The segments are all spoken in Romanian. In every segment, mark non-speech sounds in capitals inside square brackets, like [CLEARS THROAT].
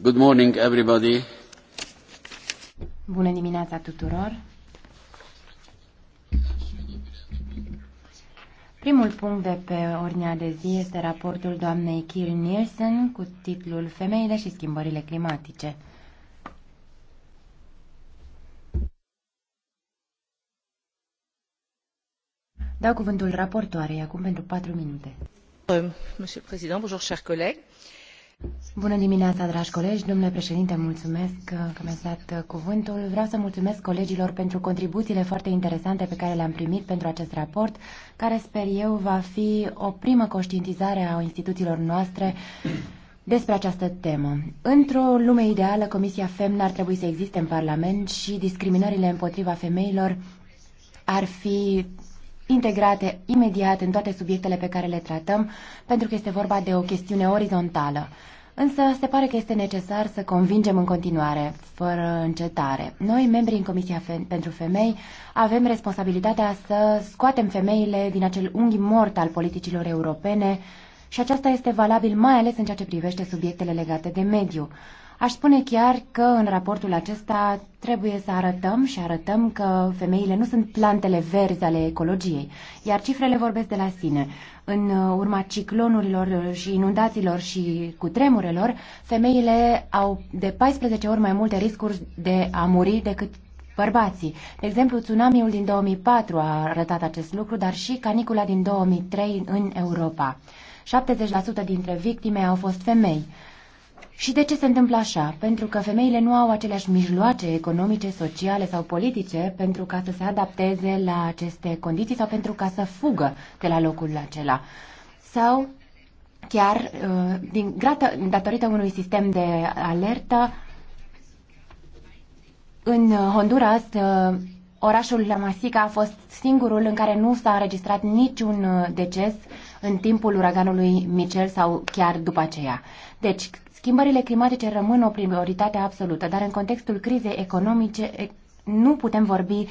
Good morning, everybody. Bună dimineața tuturor. Primul punct de pe ordinea de zi este raportul doamnei Kiel Nielsen cu titlul Femeile și schimbările climatice. Dau cuvântul raportoarei acum pentru patru minute. Monsieur le Président, bonjour chers collègues. Bună dimineața, dragi colegi. Domnule președinte, mulțumesc că mi-ați dat uh, cuvântul. Vreau să mulțumesc colegilor pentru contribuțiile foarte interesante pe care le-am primit pentru acest raport, care sper eu va fi o primă conștientizare a instituțiilor noastre despre această temă. Într-o lume ideală, Comisia n ar trebui să existe în Parlament și discriminările împotriva femeilor ar fi integrate imediat în toate subiectele pe care le tratăm, pentru că este vorba de o chestiune orizontală. Însă se pare că este necesar să convingem în continuare, fără încetare. Noi, membrii în Comisia pentru Femei, avem responsabilitatea să scoatem femeile din acel unghi mort al politicilor europene și aceasta este valabil mai ales în ceea ce privește subiectele legate de mediu. Aș spune chiar că în raportul acesta trebuie să arătăm și arătăm că femeile nu sunt plantele verzi ale ecologiei, iar cifrele vorbesc de la sine. În urma ciclonurilor și inundațiilor și cu tremurelor, femeile au de 14 ori mai multe riscuri de a muri decât bărbații. De exemplu, tsunamiul din 2004 a arătat acest lucru, dar și canicula din 2003 în Europa. 70% dintre victime au fost femei. Și de ce se întâmplă așa? Pentru că femeile nu au aceleași mijloace economice, sociale sau politice pentru ca să se adapteze la aceste condiții sau pentru ca să fugă de la locul acela. Sau chiar uh, din, grată, datorită unui sistem de alertă în Honduras uh, orașul La Masica a fost singurul în care nu s-a înregistrat niciun uh, deces în timpul uraganului Michel sau chiar după aceea. Deci, Schimbările climatice rămân o prioritate absolută, dar în contextul crizei economice nu putem vorbi uh,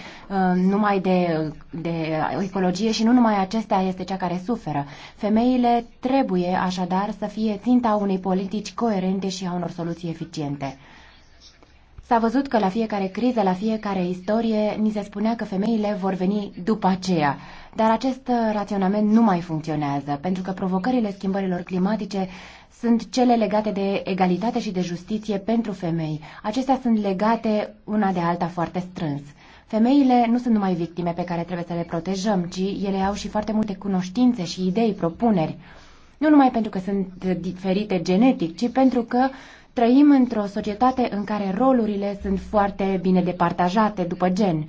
numai de, de ecologie și nu numai acesta este cea care suferă. Femeile trebuie așadar să fie ținta unei politici coerente și a unor soluții eficiente. S-a văzut că la fiecare criză, la fiecare istorie, ni se spunea că femeile vor veni după aceea. Dar acest uh, raționament nu mai funcționează, pentru că provocările schimbărilor climatice sunt cele legate de egalitate și de justiție pentru femei. Acestea sunt legate una de alta foarte strâns. Femeile nu sunt numai victime pe care trebuie să le protejăm, ci ele au și foarte multe cunoștințe și idei, propuneri. Nu numai pentru că sunt diferite genetic, ci pentru că trăim într-o societate în care rolurile sunt foarte bine departajate după gen.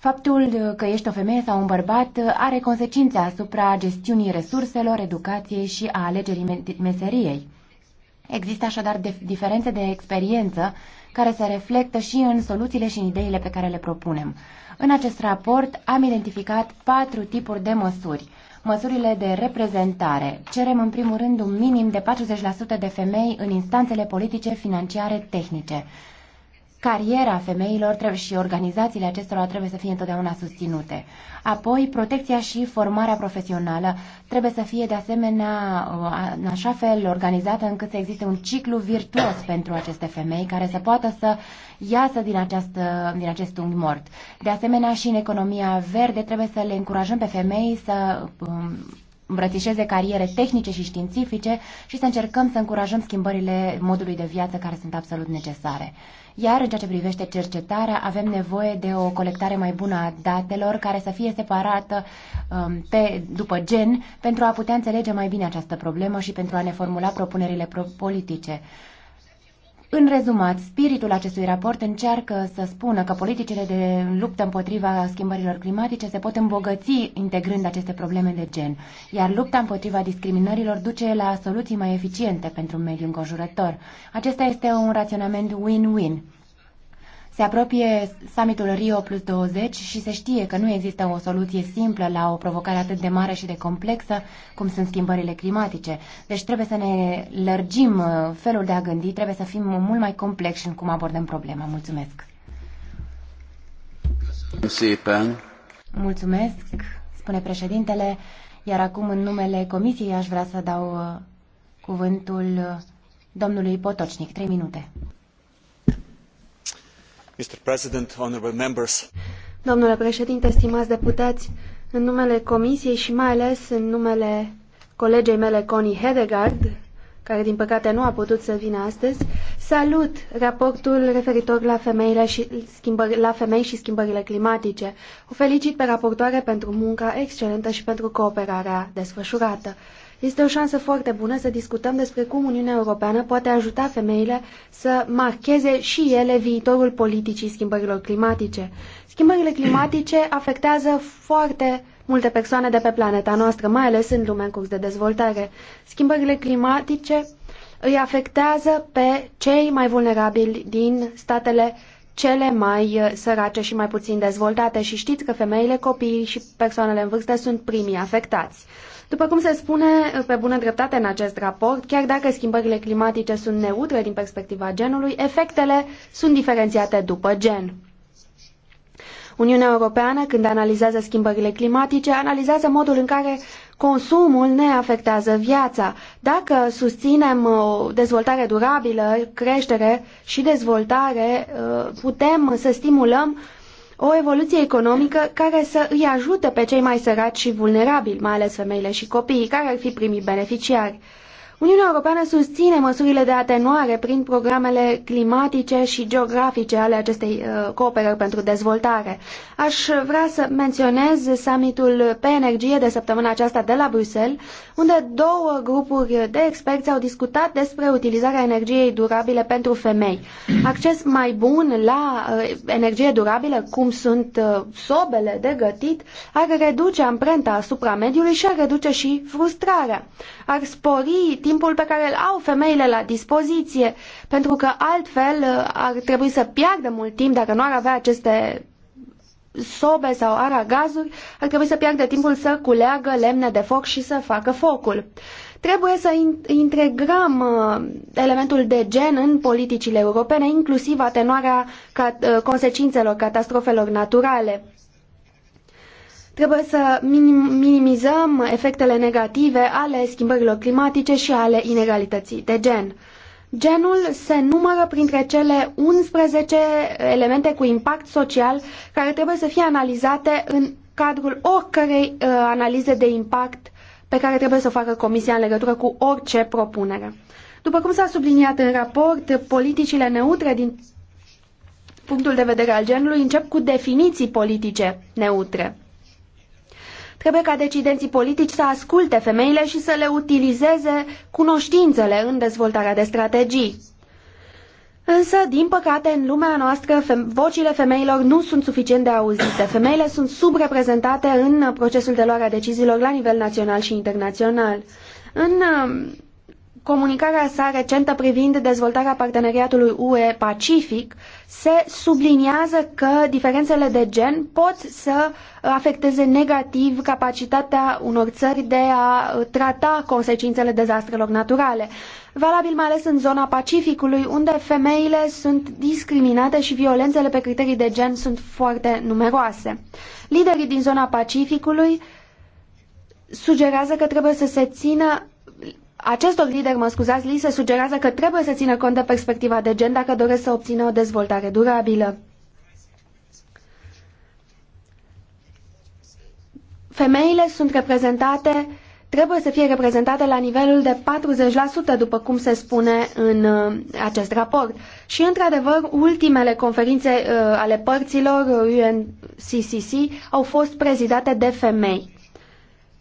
Faptul că ești o femeie sau un bărbat are consecințe asupra gestiunii resurselor, educației și a alegerii meseriei. Există așadar diferențe de experiență care se reflectă și în soluțiile și în ideile pe care le propunem. În acest raport am identificat patru tipuri de măsuri. Măsurile de reprezentare. Cerem în primul rând un minim de 40% de femei în instanțele politice, financiare, tehnice. Cariera femeilor trebuie și organizațiile acestora trebuie să fie întotdeauna susținute. Apoi, protecția și formarea profesională trebuie să fie de asemenea uh, în așa fel organizată încât să existe un ciclu virtuos pentru aceste femei care să poată să iasă din, această, din acest unghi mort. De asemenea, și în economia verde trebuie să le încurajăm pe femei să um, îmbrățișeze cariere tehnice și științifice și să încercăm să încurajăm schimbările modului de viață care sunt absolut necesare. Iar în ceea ce privește cercetarea, avem nevoie de o colectare mai bună a datelor care să fie separată um, pe, după gen pentru a putea înțelege mai bine această problemă și pentru a ne formula propunerile politice. În rezumat, spiritul acestui raport încearcă să spună că politicile de luptă împotriva schimbărilor climatice se pot îmbogăți integrând aceste probleme de gen, iar lupta împotriva discriminărilor duce la soluții mai eficiente pentru mediul înconjurător. Acesta este un raționament win-win. Se apropie summitul Rio plus 20 și se știe că nu există o soluție simplă la o provocare atât de mare și de complexă cum sunt schimbările climatice. Deci trebuie să ne lărgim uh, felul de a gândi, trebuie să fim mult mai complexi în cum abordăm problema. Mulțumesc! Mulțumesc, spune președintele, iar acum în numele comisiei aș vrea să dau uh, cuvântul uh, domnului Potocnic. Trei minute. Domnule președinte, stimați deputați, în numele Comisiei și mai ales în numele colegei mele Connie Hedegaard, care din păcate nu a putut să vină astăzi, salut raportul referitor la, femei și schimbări, la femei și schimbările climatice. O felicit pe raportoare pentru munca excelentă și pentru cooperarea desfășurată. Este o șansă foarte bună să discutăm despre cum Uniunea Europeană poate ajuta femeile să marcheze și ele viitorul politicii schimbărilor climatice. Schimbările climatice afectează foarte multe persoane de pe planeta noastră, mai ales în lumea în curs de dezvoltare. Schimbările climatice îi afectează pe cei mai vulnerabili din statele cele mai uh, sărace și mai puțin dezvoltate și știți că femeile, copiii și persoanele în vârstă sunt primii afectați. După cum se spune pe bună dreptate în acest raport, chiar dacă schimbările climatice sunt neutre din perspectiva genului, efectele sunt diferențiate după gen. Uniunea Europeană, când analizează schimbările climatice, analizează modul în care consumul ne afectează viața. Dacă susținem o uh, dezvoltare durabilă, creștere și dezvoltare, uh, putem să stimulăm o evoluție economică care să îi ajute pe cei mai săraci și vulnerabili, mai ales femeile și copiii, care ar fi primii beneficiari. Uniunea Europeană susține măsurile de atenuare prin programele climatice și geografice ale acestei uh, cooperări pentru dezvoltare. Aș vrea să menționez summitul pe energie de săptămâna aceasta de la Bruxelles, unde două grupuri de experți au discutat despre utilizarea energiei durabile pentru femei. Acces mai bun la uh, energie durabilă, cum sunt uh, sobele de gătit, ar reduce amprenta asupra mediului și ar reduce și frustrarea ar spori timpul pe care îl au femeile la dispoziție, pentru că altfel uh, ar trebui să piardă mult timp dacă nu ar avea aceste sobe sau aragazuri, ar trebui să piardă timpul să culeagă lemne de foc și să facă focul. Trebuie să integrăm uh, elementul de gen în politicile europene, inclusiv atenuarea uh, consecințelor catastrofelor naturale. Trebuie să minimizăm efectele negative ale schimbărilor climatice și ale inegalității de gen. Genul se numără printre cele 11 elemente cu impact social care trebuie să fie analizate în cadrul oricărei uh, analize de impact pe care trebuie să o facă Comisia în legătură cu orice propunere. După cum s-a subliniat în raport, politicile neutre din punctul de vedere al genului încep cu definiții politice neutre. Trebuie ca decidenții politici să asculte femeile și să le utilizeze cunoștințele în dezvoltarea de strategii. Însă, din păcate, în lumea noastră, vocile femeilor nu sunt suficient de auzite. Femeile sunt subreprezentate în procesul de luare a deciziilor la nivel național și internațional. În Comunicarea sa recentă privind dezvoltarea parteneriatului UE-Pacific se subliniază că diferențele de gen pot să afecteze negativ capacitatea unor țări de a trata consecințele dezastrelor naturale, valabil mai ales în zona Pacificului, unde femeile sunt discriminate și violențele pe criterii de gen sunt foarte numeroase. Liderii din zona Pacificului sugerează că trebuie să se țină acestor lideri, mă scuzați, li se sugerează că trebuie să țină cont de perspectiva de gen dacă doresc să obțină o dezvoltare durabilă. Femeile sunt reprezentate, trebuie să fie reprezentate la nivelul de 40%, după cum se spune în uh, acest raport. Și, într-adevăr, ultimele conferințe uh, ale părților UNCCC uh, au fost prezidate de femei.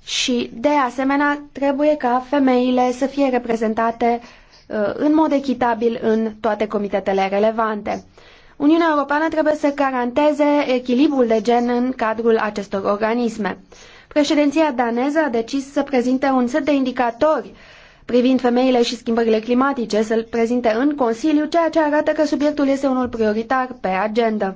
Și, de asemenea, trebuie ca femeile să fie reprezentate uh, în mod echitabil în toate comitetele relevante. Uniunea Europeană trebuie să garanteze echilibrul de gen în cadrul acestor organisme. Președinția daneză a decis să prezinte un set de indicatori privind femeile și schimbările climatice, să-l prezinte în Consiliu, ceea ce arată că subiectul este unul prioritar pe agenda.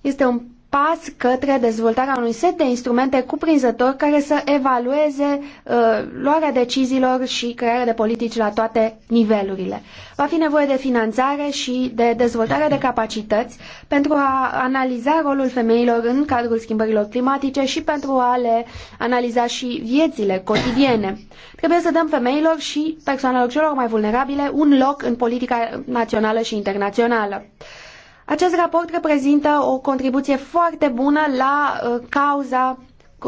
Este un pas către dezvoltarea unui set de instrumente cuprinzător care să evalueze uh, luarea deciziilor și crearea de politici la toate nivelurile. Va fi nevoie de finanțare și de dezvoltare de capacități pentru a analiza rolul femeilor în cadrul schimbărilor climatice și pentru a le analiza și viețile cotidiene. Trebuie să dăm femeilor și persoanelor celor mai vulnerabile un loc în politica națională și internațională. Acest raport reprezintă o contribuție foarte bună la uh, cauza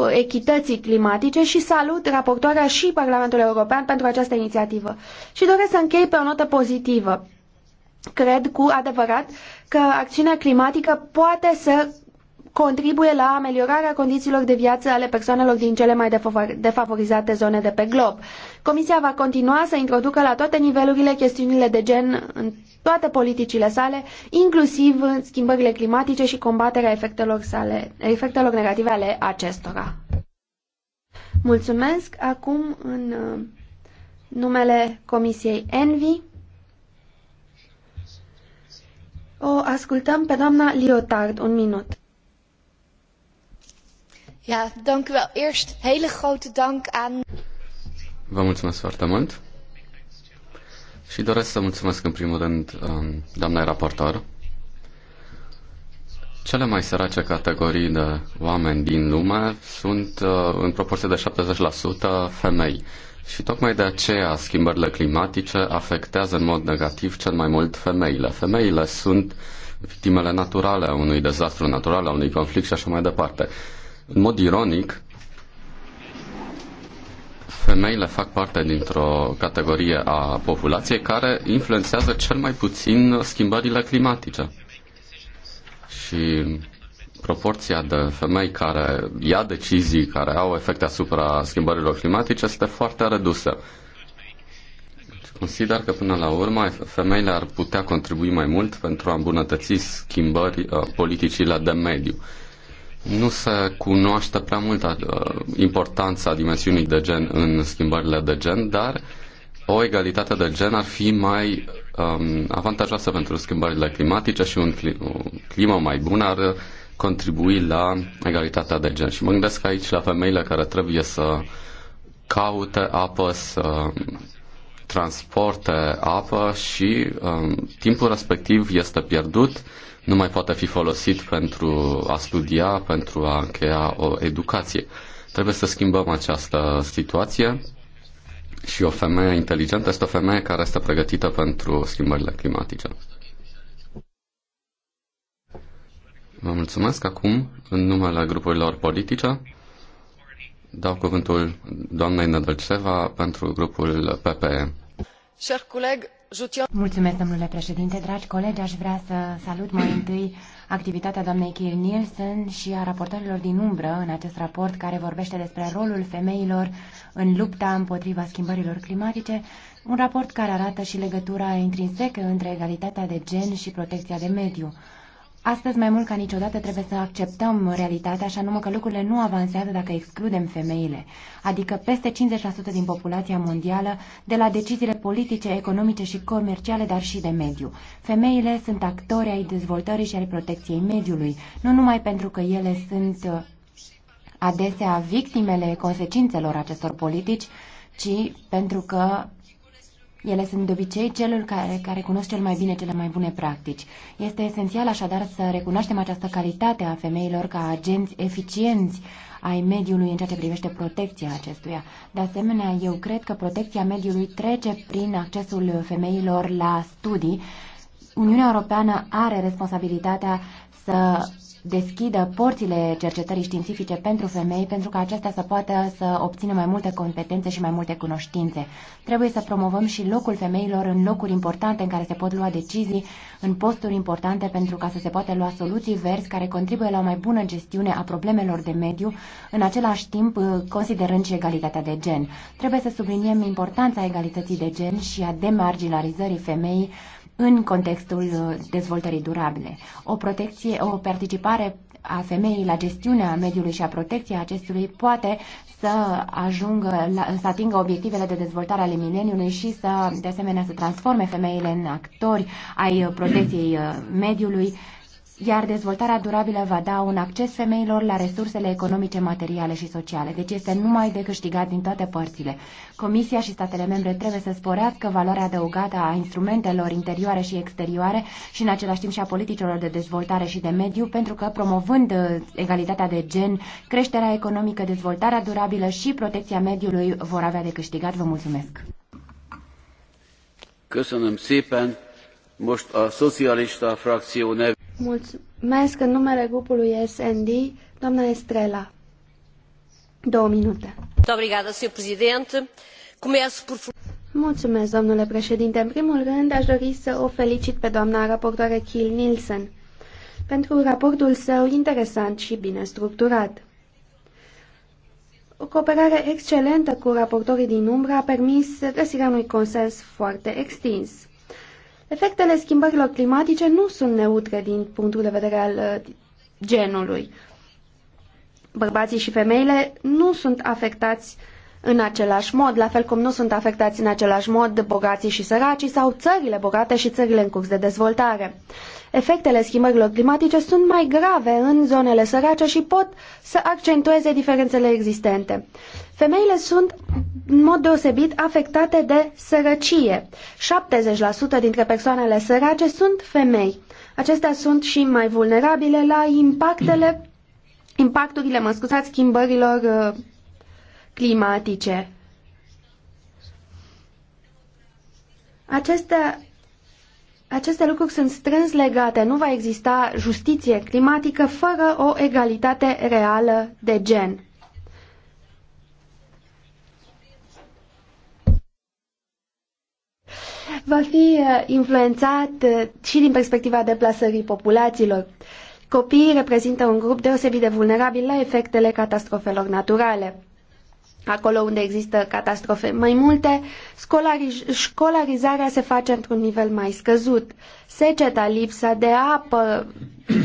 echității climatice și salut raportoarea și Parlamentul European pentru această inițiativă. Și doresc să închei pe o notă pozitivă. Cred cu adevărat că acțiunea climatică poate să contribuie la ameliorarea condițiilor de viață ale persoanelor din cele mai defavorizate zone de pe glob. Comisia va continua să introducă la toate nivelurile chestiunile de gen în toate politicile sale, inclusiv schimbările climatice și combaterea efectelor, sale, efectelor negative ale acestora. Mulțumesc. Acum, în uh, numele Comisiei Envi, o ascultăm pe doamna Liotard. Un minut. Ja, dank u wel. Eerst hele grote dank aan... Vă mulțumesc foarte mult. Și doresc să mulțumesc în primul rând um, doamnei raportor. Cele mai sărace categorii de oameni din lume sunt uh, în proporție de 70% femei. Și tocmai de aceea schimbările climatice afectează în mod negativ cel mai mult femeile. Femeile sunt victimele naturale a unui dezastru natural, a unui conflict și așa mai departe. În mod ironic, femeile fac parte dintr-o categorie a populației care influențează cel mai puțin schimbările climatice. Și proporția de femei care ia decizii care au efecte asupra schimbărilor climatice este foarte redusă. Deci consider că până la urmă femeile ar putea contribui mai mult pentru a îmbunătăți schimbări, uh, politicile de mediu nu se cunoaște prea mult uh, importanța dimensiunii de gen în schimbările de gen, dar o egalitate de gen ar fi mai um, avantajoasă pentru schimbările climatice și un clima o climă mai bună ar contribui la egalitatea de gen. Și mă gândesc aici la femeile care trebuie să caute apă, să transporte apă și um, timpul respectiv este pierdut, nu mai poate fi folosit pentru a studia, pentru a încheia o educație. Trebuie să schimbăm această situație și o femeie inteligentă este o femeie care este pregătită pentru schimbările climatice. Vă mulțumesc acum, în numele grupurilor politice, Dau cuvântul doamnei Nedelceva pentru grupul PPE. Mulțumesc, domnule președinte. Dragi colegi, aș vrea să salut mai întâi activitatea doamnei Kiel Nielsen și a raportorilor din umbră în acest raport care vorbește despre rolul femeilor în lupta împotriva schimbărilor climatice, un raport care arată și legătura intrinsecă între egalitatea de gen și protecția de mediu. Astăzi, mai mult ca niciodată, trebuie să acceptăm realitatea, așa numai că lucrurile nu avansează dacă excludem femeile, adică peste 50% din populația mondială, de la deciziile politice, economice și comerciale, dar și de mediu. Femeile sunt actori ai dezvoltării și ai protecției mediului, nu numai pentru că ele sunt uh, adesea victimele consecințelor acestor politici, ci pentru că ele sunt de obicei celul care, care cunosc cel mai bine cele mai bune practici. Este esențial așadar să recunoaștem această calitate a femeilor ca agenți eficienți ai mediului în ceea ce privește protecția acestuia. De asemenea, eu cred că protecția mediului trece prin accesul femeilor la studii Uniunea Europeană are responsabilitatea să deschidă porțile cercetării științifice pentru femei, pentru că acestea să poată să obțină mai multe competențe și mai multe cunoștințe. Trebuie să promovăm și locul femeilor în locuri importante în care se pot lua decizii, în posturi importante pentru ca să se poată lua soluții verzi care contribuie la o mai bună gestiune a problemelor de mediu, în același timp uh, considerând și egalitatea de gen. Trebuie să subliniem importanța egalității de gen și a demarginalizării femeii în contextul uh, dezvoltării durabile. O protecție, o participare a femeii la gestiunea mediului și a protecției acestui poate să ajungă, la, să atingă obiectivele de dezvoltare ale mileniului și să, de asemenea, să transforme femeile în actori ai protecției uh, mediului iar dezvoltarea durabilă va da un acces femeilor la resursele economice, materiale și sociale. Deci este numai de câștigat din toate părțile. Comisia și statele membre trebuie să sporească valoarea adăugată a instrumentelor interioare și exterioare și în același timp și a politicilor de dezvoltare și de mediu, pentru că promovând uh, egalitatea de gen, creșterea economică, dezvoltarea durabilă și protecția mediului vor avea de câștigat. Vă mulțumesc! Köszönöm szépen! Most a szocialista frakció nevében Mulțumesc în numele grupului SND, doamna Estrela. Două minute. Mulțumesc, domnule președinte. În primul rând, aș dori să o felicit pe doamna raportoare Kiel Nielsen pentru raportul său interesant și bine structurat. O cooperare excelentă cu raportorii din umbră a permis găsirea unui consens foarte extins. Efectele schimbărilor climatice nu sunt neutre din punctul de vedere al uh, genului. Bărbații și femeile nu sunt afectați în același mod, la fel cum nu sunt afectați în același mod bogații și săracii sau țările bogate și țările în curs de dezvoltare. Efectele schimbărilor climatice sunt mai grave în zonele sărace și pot să accentueze diferențele existente. Femeile sunt în mod deosebit afectate de sărăcie. 70% dintre persoanele sărace sunt femei. Acestea sunt și mai vulnerabile la impactele impacturile, mă scuzați, schimbărilor uh, climatice. Aceste, aceste lucruri sunt strâns legate. Nu va exista justiție climatică fără o egalitate reală de gen. va fi eh, influențat eh, și din perspectiva deplasării populațiilor. Copiii reprezintă un grup deosebit de vulnerabil la efectele catastrofelor naturale acolo unde există catastrofe mai multe, școlarizarea se face într-un nivel mai scăzut. Seceta, lipsa de apă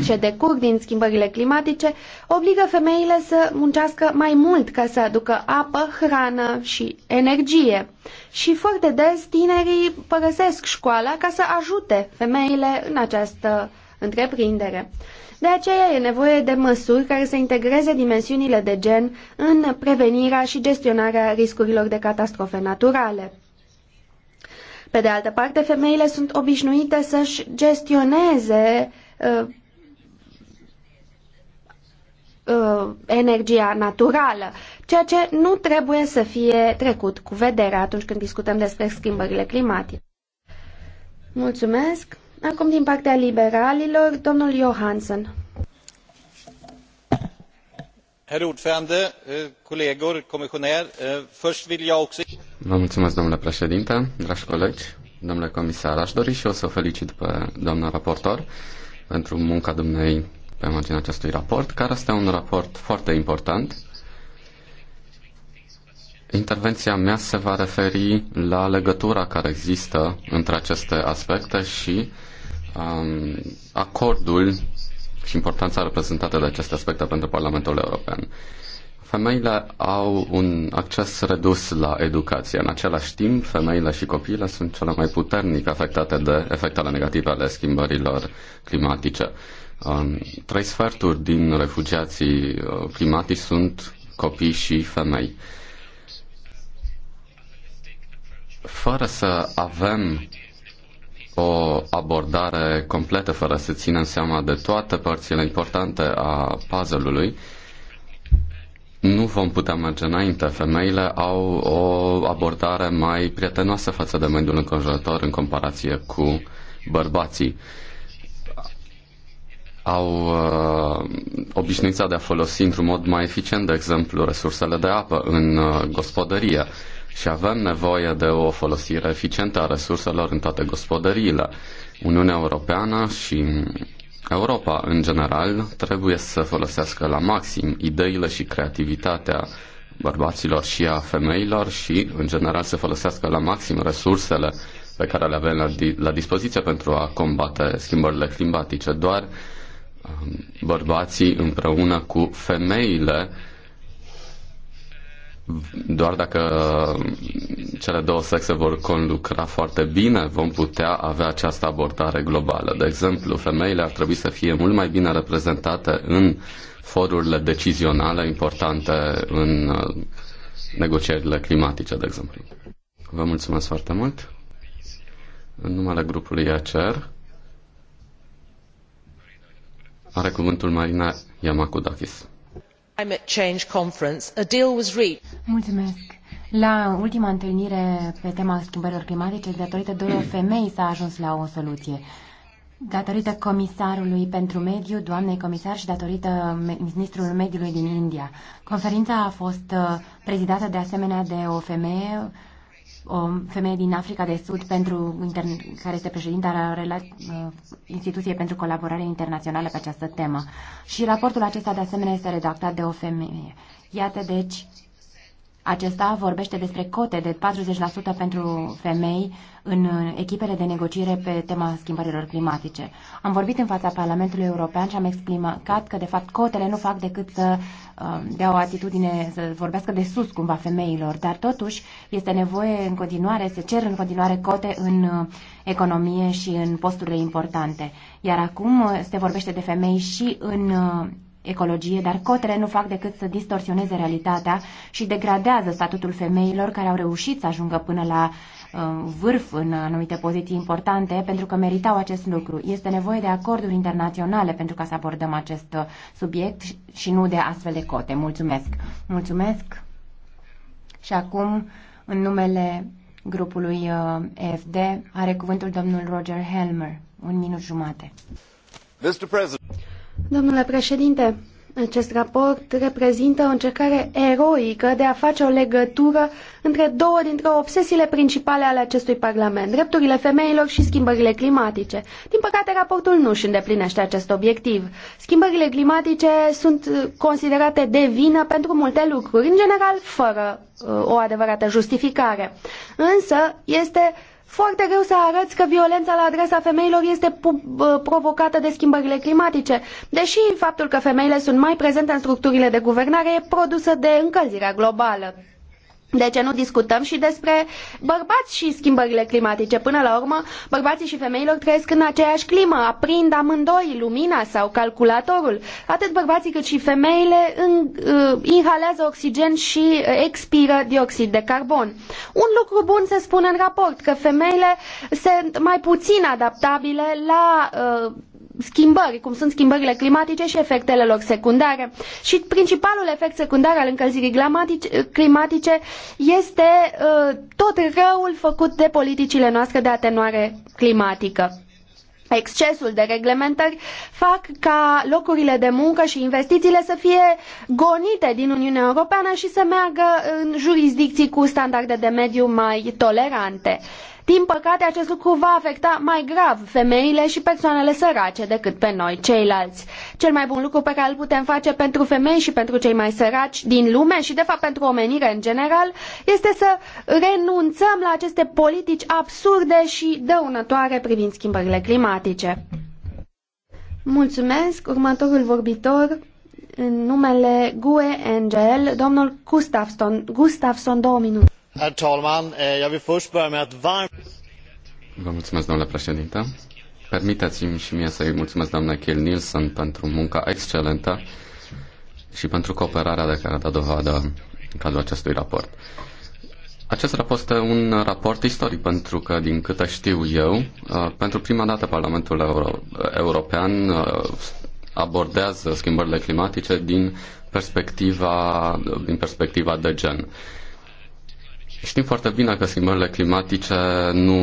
ce [CLEARS THROAT] decurg din schimbările climatice obligă femeile să muncească mai mult ca să aducă apă, hrană și energie. Și foarte des tinerii părăsesc școala ca să ajute femeile în această întreprindere. De aceea e nevoie de măsuri care să integreze dimensiunile de gen în prevenirea și gestionarea riscurilor de catastrofe naturale. Pe de altă parte, femeile sunt obișnuite să-și gestioneze uh, uh, energia naturală, ceea ce nu trebuie să fie trecut cu vedere atunci când discutăm despre schimbările climatice. Mulțumesc! Acum din partea liberalilor, domnul Johansson. Herr ordförande, eh, kollegor, kommissionär, eh, först vill jag också... Vă mulțumesc, domnule președinte, dragi colegi, domnule comisar. Aș dori și eu să o felicit pe doamna raportor pentru munca dumnei pe marginea acestui raport, care este un raport foarte important. Intervenția mea se va referi la legătura care există între aceste aspecte și um, acordul și importanța reprezentată de aceste aspecte pentru Parlamentul European. Femeile au un acces redus la educație. În același timp, femeile și copiile sunt cele mai puternic afectate de efectele negative ale schimbărilor climatice. Um, trei sferturi din refugiații uh, climatici sunt copii și femei. Fără să avem o abordare completă, fără să în seama de toate părțile importante a puzzle-ului, nu vom putea merge înainte. Femeile au o abordare mai prietenoasă față de mediul înconjurător în comparație cu bărbații. Au uh, obișnuința de a folosi într-un mod mai eficient, de exemplu, resursele de apă în uh, gospodărie. Uh, și avem nevoie de o folosire eficientă a resurselor în toate gospodăriile. Uniunea Europeană și Europa, în general, trebuie să folosească la maxim ideile și creativitatea bărbaților și a femeilor și, în general, să folosească la maxim resursele pe care le avem la, di- la dispoziție pentru a combate schimbările climatice. Doar um, bărbații împreună cu femeile doar dacă cele două sexe vor conlucra foarte bine, vom putea avea această abordare globală. De exemplu, femeile ar trebui să fie mult mai bine reprezentate în forurile decizionale importante în uh, negocierile climatice, de exemplu. Vă mulțumesc foarte mult. În numele grupului ACER are cuvântul Marina Yamakudakis climate change conference a deal was reached. Mulțumesc. La ultima întâlnire pe tema schimbărilor climatice, datorită doi femei s-a ajuns la o soluție. Datorită comisarului pentru mediu, doamnei comisar și datorită ministrului mediului din India. Conferința a fost uh, prezidată de asemenea de o femeie, o femeie din Africa de Sud pentru, care este președinta a uh, Instituției pentru Colaborare Internațională pe această temă. Și raportul acesta de asemenea este redactat de o femeie. Iată deci acesta vorbește despre cote de 40% pentru femei în echipele de negociere pe tema schimbărilor climatice. Am vorbit în fața Parlamentului European și am explicat că, de fapt, cotele nu fac decât să um, dea o atitudine, să vorbească de sus cumva femeilor, dar totuși este nevoie în continuare, se cer în continuare cote în uh, economie și în posturile importante. Iar acum uh, se vorbește de femei și în uh, ecologie, dar cotele nu fac decât să distorsioneze realitatea și degradează statutul femeilor care au reușit să ajungă până la uh, vârf în anumite poziții importante pentru că meritau acest lucru. Este nevoie de acorduri internaționale pentru ca să abordăm acest uh, subiect și nu de astfel de cote. Mulțumesc! Mulțumesc! Și acum, în numele grupului EFD, uh, are cuvântul domnul Roger Helmer. Un minut jumate. Mr. President. Domnule președinte, acest raport reprezintă o încercare eroică de a face o legătură între două dintre obsesiile principale ale acestui Parlament, drepturile femeilor și schimbările climatice. Din păcate, raportul nu își îndeplinește acest obiectiv. Schimbările climatice sunt considerate de vină pentru multe lucruri, în general fără uh, o adevărată justificare. Însă, este uh, foarte greu să arăți că violența la adresa femeilor este provocată de schimbările climatice, deși faptul că femeile sunt mai prezente în structurile de guvernare e produsă de încălzirea globală. De ce nu discutăm și despre bărbați și schimbările climatice? Până la urmă, bărbații și femeilor trăiesc în aceeași climă, aprind amândoi lumina sau calculatorul. Atât bărbații cât și femeile uh, inhalează oxigen și expiră dioxid de carbon. Un lucru bun se spune în raport, că femeile sunt mai puțin adaptabile la uh, schimbări, cum sunt schimbările climatice și efectele lor secundare. Și principalul efect secundar al încălzirii climatice este uh, tot răul făcut de politicile noastre de atenuare climatică. Excesul de reglementări fac ca locurile de muncă și investițiile să fie gonite din Uniunea Europeană și să meargă în jurisdicții cu standarde de mediu mai tolerante. Din păcate, acest lucru va afecta mai grav femeile și persoanele sărace decât pe noi, ceilalți. Cel mai bun lucru pe care îl putem face pentru femei și pentru cei mai săraci din lume și, de fapt, pentru omenire în general, este să renunțăm la aceste politici absurde și dăunătoare privind schimbările climatice. Mulțumesc. Următorul vorbitor în numele GUE NGL, domnul Gustafson, Gustafson două minute. Vă mulțumesc, domnule președinte. Permiteți-mi și mie să-i mulțumesc doamna Kiel Nielsen pentru munca excelentă și pentru cooperarea de care a dat dovadă în cadrul acestui raport. Acest raport este un raport istoric pentru că, din câte știu eu, eh, pentru prima dată Parlamentul Euro- European eh, abordează schimbările climatice din perspectiva, din perspectiva de gen. Știm foarte bine că schimbările climatice nu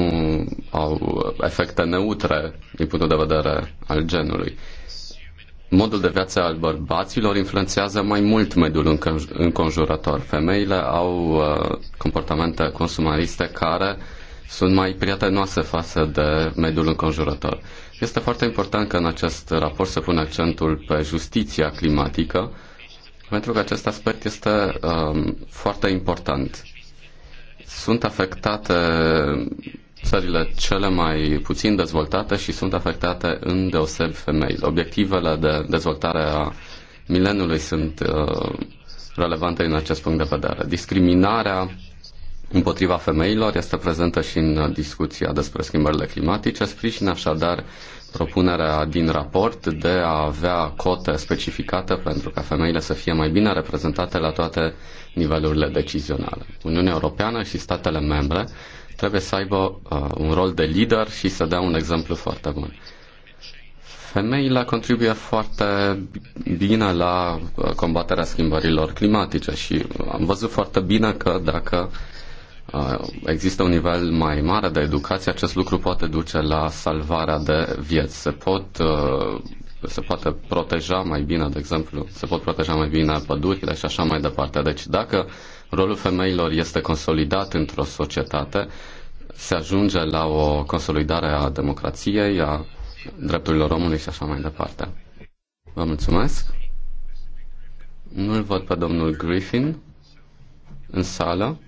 au efecte neutre din punctul de vedere al genului. Modul de viață al bărbaților influențează mai mult mediul înconjurător. Femeile au uh, comportamente consumariste care sunt mai prietenoase față de mediul înconjurător. Este foarte important că în acest raport se pune accentul pe justiția climatică, pentru că acest aspect este um, foarte important sunt afectate țările cele mai puțin dezvoltate și sunt afectate în deoseb femei. Obiectivele de dezvoltare a mileniului sunt uh, relevante în acest punct de vedere. Discriminarea împotriva femeilor este prezentă și în discuția despre schimbările climatice. Sprijin așadar uh, propunerea din raport de a avea cote specificate pentru ca femeile să fie mai bine reprezentate la toate nivelurile decizionale. Uniunea Europeană și statele membre trebuie să aibă uh, un rol de lider și să dea un exemplu foarte bun. Femeile contribuie foarte bine la uh, combaterea schimbărilor climatice și am văzut foarte bine că dacă uh, Uh, există un nivel mai mare de educație, acest lucru poate duce la salvarea de vieți. Se pot uh, se poate proteja mai bine, de exemplu, se pot proteja mai bine pădurile și așa mai departe. Deci dacă rolul femeilor este consolidat într-o societate, se ajunge la o consolidare a democrației, a drepturilor omului și așa mai departe. Vă mulțumesc. Nu-l văd pe domnul Griffin în sală.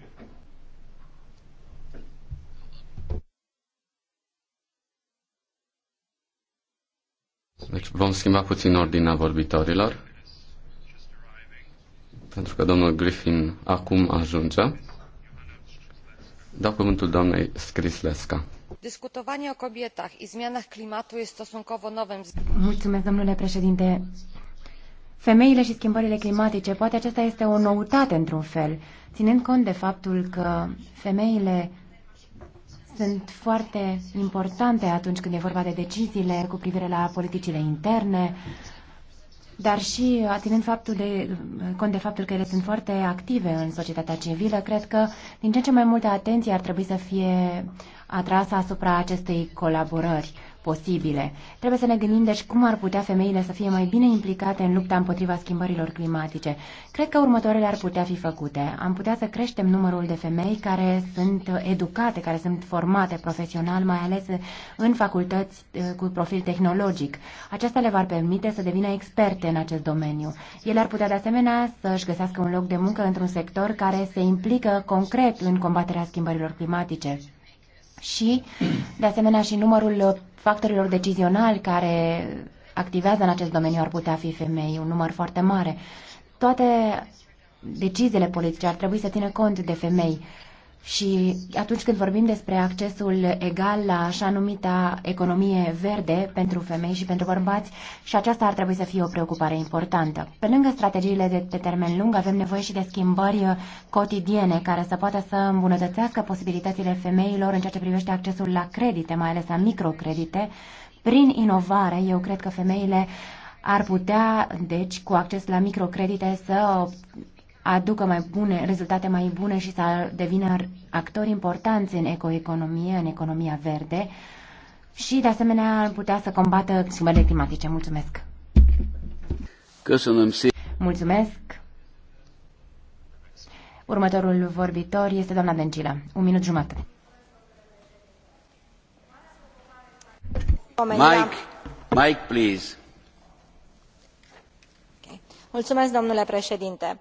Deci vom schimba puțin ordinea vorbitorilor, pentru că domnul Griffin acum ajunge. Dau cuvântul doamnei Scrisleska. Discutovanie o kobietach i zmianach klimatu jest stosunkowo nowym. Mulțumesc, domnule președinte. Femeile și schimbările climatice, poate acesta este o noutate într-un fel, ținând cont de faptul că femeile sunt foarte importante atunci când e vorba de deciziile cu privire la politicile interne, dar și atinând faptul de, cont de faptul că ele sunt foarte active în societatea civilă, cred că din ce în ce mai multă atenție ar trebui să fie atrasă asupra acestei colaborări posibile. Trebuie să ne gândim deci cum ar putea femeile să fie mai bine implicate în lupta împotriva schimbărilor climatice. Cred că următoarele ar putea fi făcute. Am putea să creștem numărul de femei care sunt educate, care sunt formate profesional, mai ales în facultăți eh, cu profil tehnologic. Aceasta le va permite să devină experte în acest domeniu. Ele ar putea de asemenea să-și găsească un loc de muncă într-un sector care se implică concret în combaterea schimbărilor climatice și, de asemenea, și numărul factorilor decizionali care activează în acest domeniu ar putea fi femei, un număr foarte mare. Toate deciziile politice ar trebui să țină cont de femei. Și atunci când vorbim despre accesul egal la așa numita economie verde pentru femei și pentru bărbați, și aceasta ar trebui să fie o preocupare importantă. Pe lângă strategiile de, pe termen lung, avem nevoie și de schimbări cotidiene care să poată să îmbunătățească posibilitățile femeilor în ceea ce privește accesul la credite, mai ales la microcredite. Prin inovare, eu cred că femeile ar putea, deci, cu acces la microcredite să aducă mai bune, rezultate mai bune și să devină actori importanți în ecoeconomie, în economia verde și, de asemenea, ar putea să combată schimbările climatice. Mulțumesc! Mulțumesc! Următorul vorbitor este doamna Dencilă. Un minut jumătate. Mike, Mike, please. Mulțumesc, domnule președinte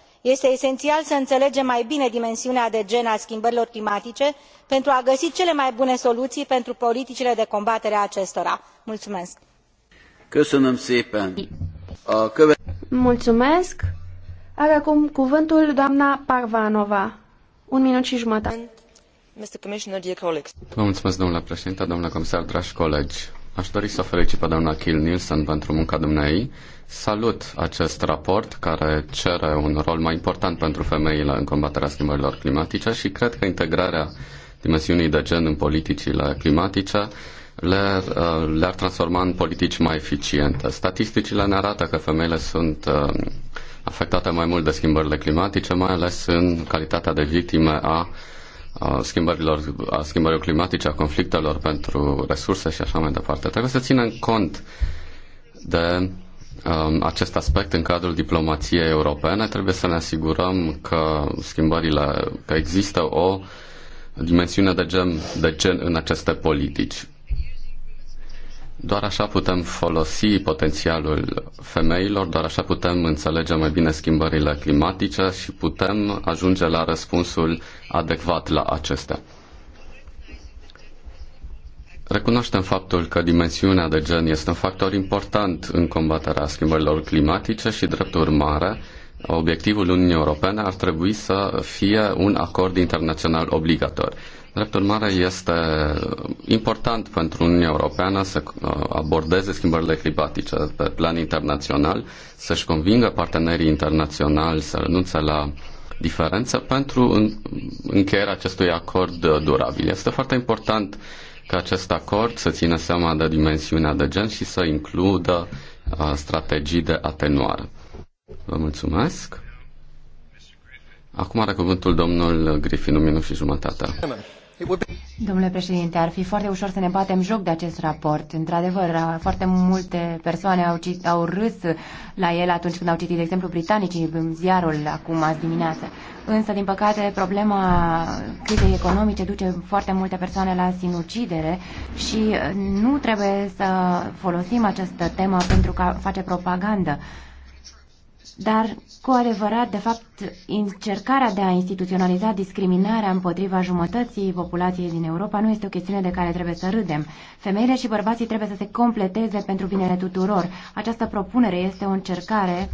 este esenial să înelegem mai bine dimensiunea de gen a schimbărilor climatice pentru a găsi cele mai bune soluii pentru politicile de combatere a acestora. Mulțumesc. Mulțumesc. Are acum cuvântul doamna Parvanova. Un minut și jumătate. Vă mulțumesc, domnule președinte, domnule comisar, dragi colegi. Aș dori să o felicit pe doamna Kill Nielsen pentru munca dumneai Salut acest raport care cere un rol mai important pentru femeile în combaterea schimbărilor climatice și cred că integrarea dimensiunii de gen în politicile climatice le-ar, uh, le-ar transforma în politici mai eficiente. Statisticile ne arată că femeile sunt uh, afectate mai mult de schimbările climatice, mai ales în calitatea de victime a a schimbărilor, a schimbărilor climatice, a conflictelor pentru resurse și așa mai departe. Trebuie să ținem cont de Um, acest aspect în cadrul diplomației europene, trebuie să ne asigurăm că schimbările, că există o dimensiune de gen, de gen în aceste politici. Doar așa putem folosi potențialul femeilor, doar așa putem înțelege mai bine schimbările climatice și putem ajunge la răspunsul adecvat la acestea. Recunoaștem faptul că dimensiunea de gen este un factor important în combaterea schimbărilor climatice și, drept urmare, obiectivul Uniunii Europene ar trebui să fie un acord internațional obligator. Drept urmare, este important pentru Uniunea Europeană să uh, abordeze schimbările climatice pe plan internațional, să-și convingă partenerii internaționali să renunțe la diferență pentru încheierea acestui acord durabil. Este foarte important ca acest acord să țină seama de dimensiunea de gen și să includă uh, strategii de atenuare. Vă mulțumesc. Acum are cuvântul domnul Griffin, un minut și jumătate. Domnule președinte, ar fi foarte ușor să ne batem joc de acest raport. Într-adevăr, foarte multe persoane au, au râs la el atunci când au citit, de exemplu, britanicii în ziarul acum azi dimineață. Însă, din păcate, problema crizei economice duce foarte multe persoane la sinucidere și uh, nu trebuie să folosim această temă pentru a face propagandă. Dar, cu adevărat, de fapt, încercarea de a instituționaliza discriminarea împotriva jumătății populației din Europa nu este o chestiune de care trebuie să râdem. Femeile și bărbații trebuie să se completeze pentru binele tuturor. Această propunere este o încercare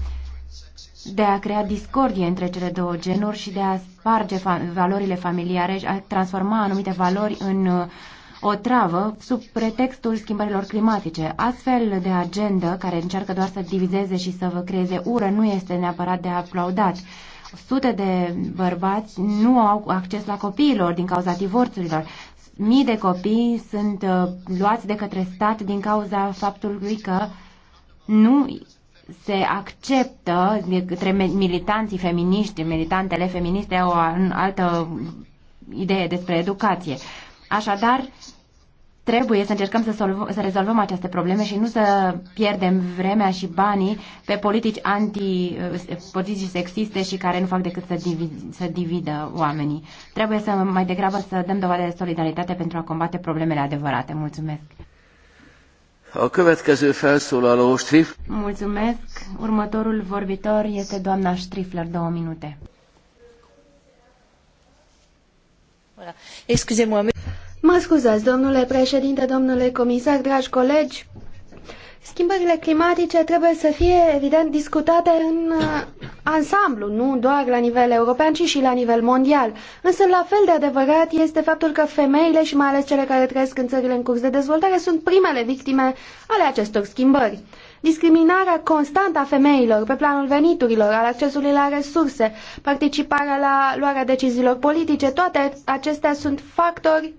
de a crea discordie între cele două genuri și de a sparge fa- valorile familiare și a transforma anumite valori în uh, o travă sub pretextul schimbărilor climatice. Astfel de agendă care încearcă doar să divizeze și să vă creeze ură nu este neapărat de aplaudat. Sute de bărbați nu au acces la copiilor din cauza divorțurilor. Mii de copii sunt uh, luați de către stat din cauza faptului că nu se acceptă de către militanții feminiști, militantele feministe, o altă idee despre educație. Așadar, trebuie să încercăm să, solv- să rezolvăm aceste probleme și nu să pierdem vremea și banii pe politici anti eh, politici sexiste și care nu fac decât să, divi- să dividă oamenii. Trebuie să mai degrabă să dăm dovadă de solidaritate pentru a combate problemele adevărate. Mulțumesc! A következő felszólaló Strif... Mulțumesc. Următorul vorbitor este doamna Strifler, două minute. Mă scuzați, domnule președinte, domnule comisar, dragi colegi, Schimbările climatice trebuie să fie, evident, discutate în uh, ansamblu, nu doar la nivel european, ci și la nivel mondial. Însă, la fel de adevărat este faptul că femeile și mai ales cele care trăiesc în țările în curs de dezvoltare sunt primele victime ale acestor schimbări. Discriminarea constantă a femeilor pe planul veniturilor, al accesului la resurse, participarea la luarea deciziilor politice, toate acestea sunt factori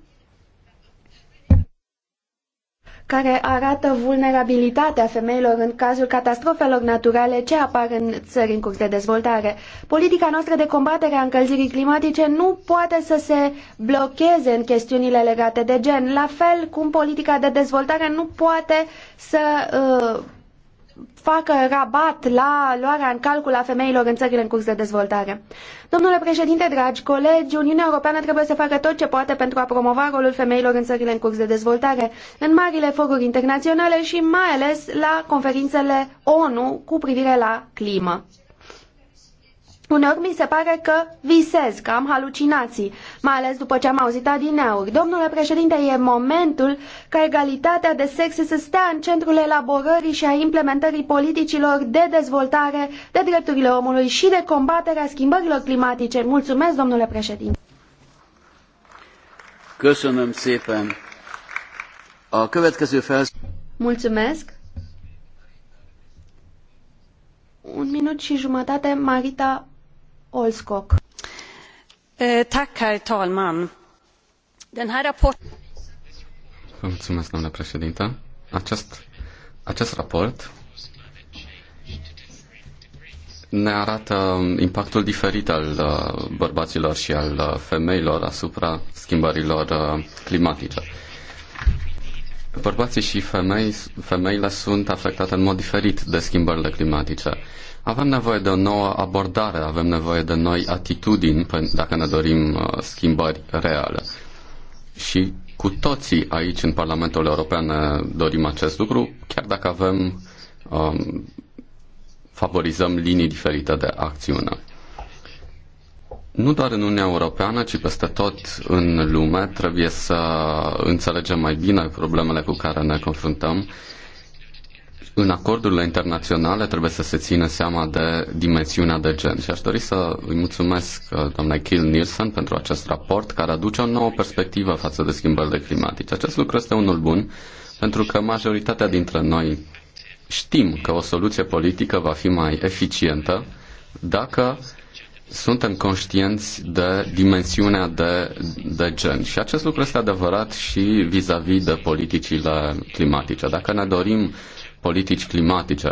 care arată vulnerabilitatea femeilor în cazul catastrofelor naturale ce apar în țări în curs de dezvoltare. Politica noastră de combatere a încălzirii climatice nu poate să se blocheze în chestiunile legate de gen, la fel cum politica de dezvoltare nu poate să uh, facă rabat la luarea în calcul a femeilor în țările în curs de dezvoltare. Domnule președinte, dragi colegi, Uniunea Europeană trebuie să facă tot ce poate pentru a promova rolul femeilor în țările în curs de dezvoltare, în marile foruri internaționale și mai ales la conferințele ONU cu privire la climă. Uneori mi se pare că visez, că am halucinații, mai ales după ce am auzit adineauri. Domnule președinte, e momentul ca egalitatea de sexe să stea în centrul elaborării și a implementării politicilor de dezvoltare, de drepturile omului și de combaterea schimbărilor climatice. Mulțumesc, domnule președinte. Mulțumesc. Un minut și jumătate, Marita Eh, herr talman. Mulțumesc, Acest, acest raport ne arată impactul diferit al uh, bărbaților și al uh, femeilor asupra schimbărilor uh, climatice. Bărbații și femei, femeile sunt afectate în mod diferit de schimbările climatice. Avem nevoie de o nouă abordare, avem nevoie de noi atitudini dacă ne dorim uh, schimbări reale. Și cu toții aici în Parlamentul European ne dorim acest lucru, chiar dacă avem um, favorizăm linii diferite de acțiune. Nu doar în Uniunea Europeană, ci peste tot în lume trebuie să înțelegem mai bine problemele cu care ne confruntăm în acordurile internaționale trebuie să se țină seama de dimensiunea de gen și aș dori să îi mulțumesc uh, doamnei Kill Nielsen pentru acest raport care aduce o nouă perspectivă față de schimbările climatice. Acest lucru este unul bun pentru că majoritatea dintre noi știm că o soluție politică va fi mai eficientă dacă suntem conștienți de dimensiunea de, de gen. Și acest lucru este adevărat și vis-a-vis -vis de politicile climatice. Dacă ne dorim politici climatice,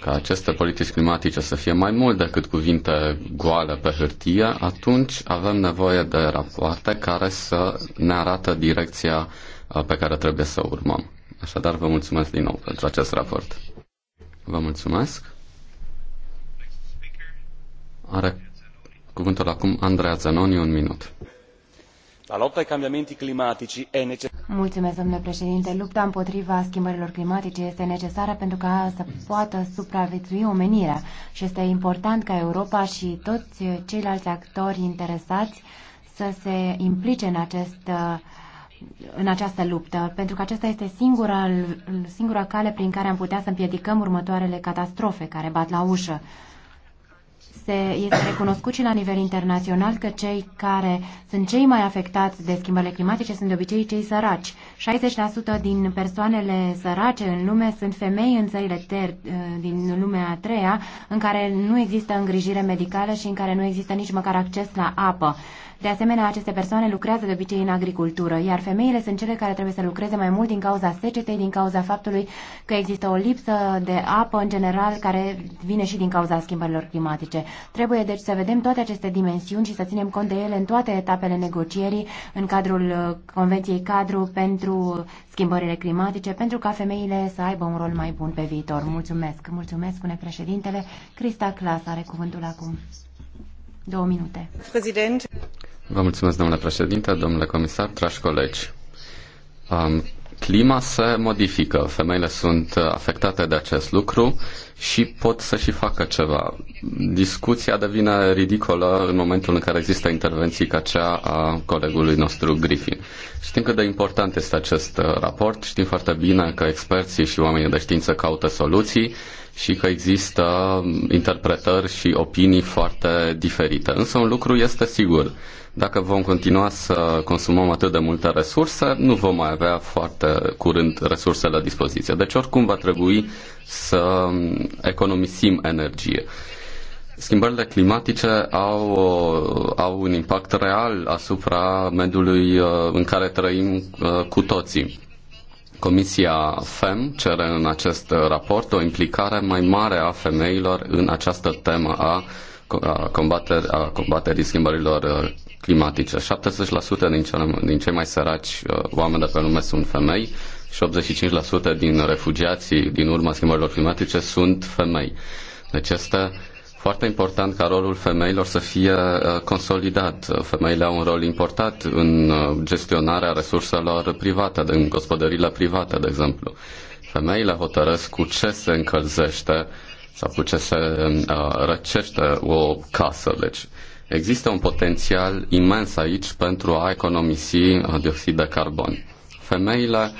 ca aceste politici climatice să fie mai mult decât cuvinte goale pe hârtie, atunci avem nevoie de rapoarte care să ne arată direcția uh, pe care trebuie să urmăm. Așadar, vă mulțumesc din nou pentru acest raport. Vă mulțumesc. Are cuvântul acum Andreea Zanoni, un minut. Mulțumesc, domnule președinte. Lupta împotriva schimbărilor climatice este necesară pentru ca să poată supraviețui omenirea și este important ca Europa și toți ceilalți actori interesați să se implice în acest în această luptă, pentru că aceasta este singura, singura cale prin care am putea să împiedicăm următoarele catastrofe care bat la ușă se, este recunoscut și la nivel internațional că cei care sunt cei mai afectați de schimbările climatice sunt de obicei cei săraci. 60% din persoanele sărace în lume sunt femei în țările ter, eh, din lumea a treia, în care nu există îngrijire medicală și în care nu există nici măcar acces la apă. De asemenea, aceste persoane lucrează de obicei în agricultură, iar femeile sunt cele care trebuie să lucreze mai mult din cauza secetei, din cauza faptului că există o lipsă de apă în general care vine și din cauza schimbărilor climatice. Trebuie deci să vedem toate aceste dimensiuni și să ținem cont de ele în toate etapele negocierii în cadrul uh, Convenției Cadru pentru schimbările climatice, pentru ca femeile să aibă un rol mai bun pe viitor. Mulțumesc! Mulțumesc, spune președintele. Crista Clas are cuvântul acum. Două minute. Vă mulțumesc, domnule președinte, domnule comisar, dragi colegi. Um, Clima se modifică, femeile sunt afectate de acest lucru și pot să și facă ceva. Discuția devine ridicolă în momentul în care există intervenții ca cea a colegului nostru Griffin. Știm cât de important este acest raport, știm foarte bine că experții și oamenii de știință caută soluții și că există interpretări și opinii foarte diferite. Însă un lucru este sigur dacă vom continua să consumăm atât de multe resurse, nu vom mai avea foarte curând resurse la dispoziție. Deci oricum va trebui să economisim energie. Schimbările climatice au, au un impact real asupra mediului uh, în care trăim uh, cu toții. Comisia FEM cere în acest raport o implicare mai mare a femeilor în această temă a combater combater a combaterii schimbărilor uh, climatice. 70% din, cele, din cei mai săraci uh, oameni de pe lume sunt femei și 85% din refugiații din urma schimbărilor climatice sunt femei. Deci este foarte important ca rolul femeilor să fie uh, consolidat. Femeile au un rol important în gestionarea resurselor private, în gospodările private, de exemplu. Femeile hotărăsc cu ce se încălzește uh, sau cu ce se uh, răcește o casă. Deci există un potențial imens aici pentru a economisi uh, dioxid de carbon. Femeile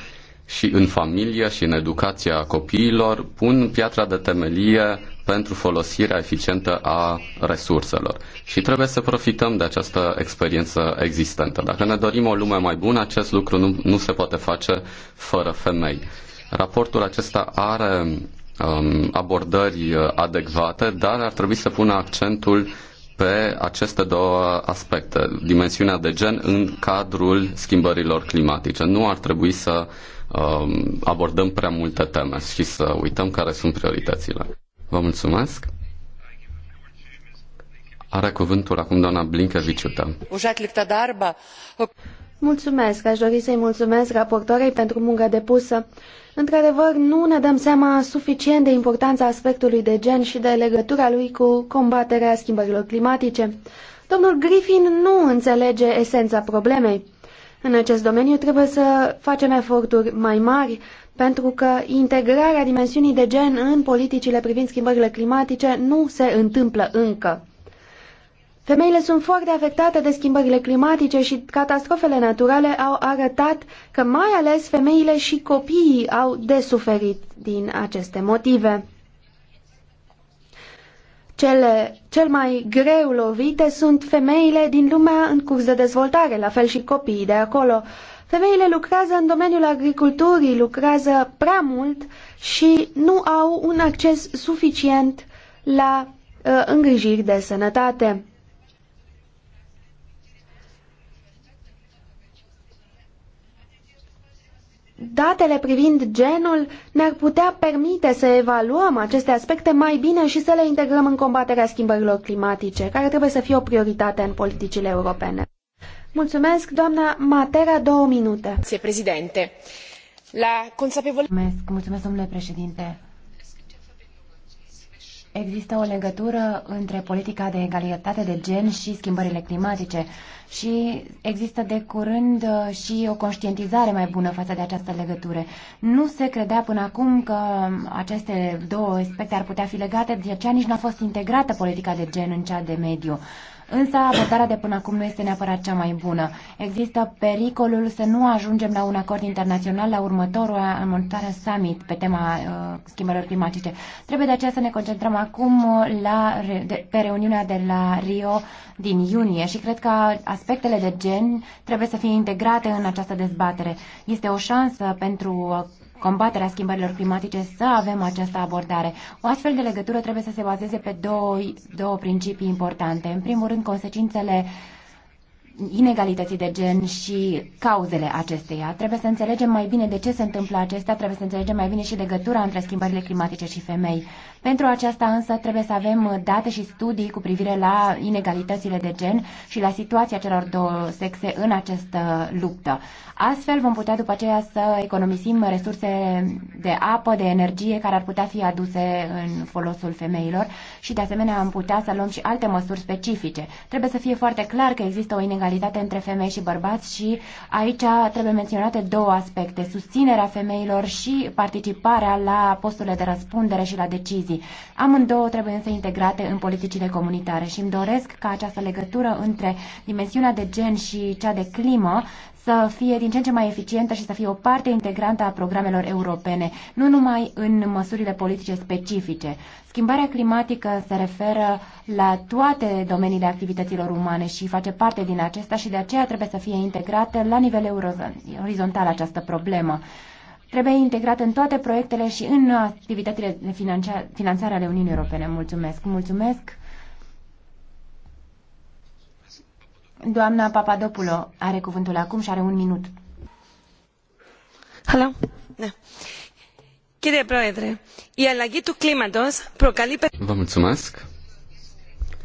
și în familie și în educația copiilor pun piatra de temelie pentru folosirea eficientă a resurselor. Și trebuie să profităm de această experiență existentă. Dacă ne dorim o lume mai bună, acest lucru nu, nu se poate face fără femei. Raportul acesta are Um, abordări uh, adecvate, dar ar trebui să pună accentul pe aceste două aspecte, dimensiunea de gen în cadrul schimbărilor climatice. Nu ar trebui să um, abordăm prea multe teme și să uităm care sunt prioritățile. Vă mulțumesc. Are cuvântul acum doamna Blinkeviciută. Mulțumesc. Aș dori să-i mulțumesc raportorii pentru munca depusă. Într-adevăr, nu ne dăm seama suficient de importanța aspectului de gen și de legătura lui cu combaterea schimbărilor climatice. Domnul Griffin nu înțelege esența problemei. În acest domeniu trebuie să facem eforturi mai mari, pentru că integrarea dimensiunii de gen în politicile privind schimbările climatice nu se întâmplă încă. Femeile sunt foarte afectate de schimbările climatice și catastrofele naturale au arătat că mai ales femeile și copiii au desuferit din aceste motive. Cele cel mai greu lovite sunt femeile din lumea în curs de dezvoltare, la fel și copiii de acolo. Femeile lucrează în domeniul agriculturii, lucrează prea mult și nu au un acces suficient la uh, îngrijiri de sănătate. datele privind genul ne-ar putea permite să evaluăm aceste aspecte mai bine și să le integrăm în combaterea schimbărilor climatice, care trebuie să fie o prioritate în politicile europene. Mulțumesc, doamna Matera, două minute. Mulțumesc, președinte. La consapevol... Mulțumesc, mulțumesc, domnule președinte. Există o legătură între politica de egalitate de gen și schimbările climatice și există de curând uh, și o conștientizare mai bună față de această legătură. Nu se credea până acum că aceste două aspecte ar putea fi legate, de aceea nici nu a fost integrată politica de gen în cea de mediu. Însă abordarea de până acum nu este neapărat cea mai bună. Există pericolul să nu ajungem la un acord internațional la următorul Montana Summit pe tema uh, schimbărilor climatice. Trebuie de aceea să ne concentrăm acum uh, la, de, pe reuniunea de la Rio din iunie și cred că aspectele de gen trebuie să fie integrate în această dezbatere. Este o șansă pentru uh, combaterea schimbărilor climatice să avem această abordare. O astfel de legătură trebuie să se bazeze pe două, două principii importante. În primul rând, consecințele inegalității de gen și cauzele acesteia. Trebuie să înțelegem mai bine de ce se întâmplă acestea, trebuie să înțelegem mai bine și legătura între schimbările climatice și femei. Pentru aceasta însă trebuie să avem uh, date și studii cu privire la inegalitățile de gen și la situația celor două sexe în această uh, luptă. Astfel vom putea după aceea să economisim resurse de apă, de energie care ar putea fi aduse în folosul femeilor și de asemenea am putea să luăm și alte măsuri specifice. Trebuie să fie foarte clar că există o inegalitate între femei și bărbați și aici trebuie menționate două aspecte, susținerea femeilor și participarea la posturile de răspundere și la decizii decizii. Amândouă trebuie însă integrate în politicile comunitare și îmi doresc ca această legătură între dimensiunea de gen și cea de climă să fie din ce în ce mai eficientă și să fie o parte integrantă a programelor europene, nu numai în măsurile politice specifice. Schimbarea climatică se referă la toate domeniile activităților umane și face parte din acesta și de aceea trebuie să fie integrată la nivel orizontal această problemă trebuie integrat în toate proiectele și în activitățile de finanțare ale Uniunii Europene. Mulțumesc! Mulțumesc! Doamna Papadopulo are cuvântul acum și are un minut. Hello. Da. proedre, Πρόεδρε, la ghitul του κλίματος Vă mulțumesc.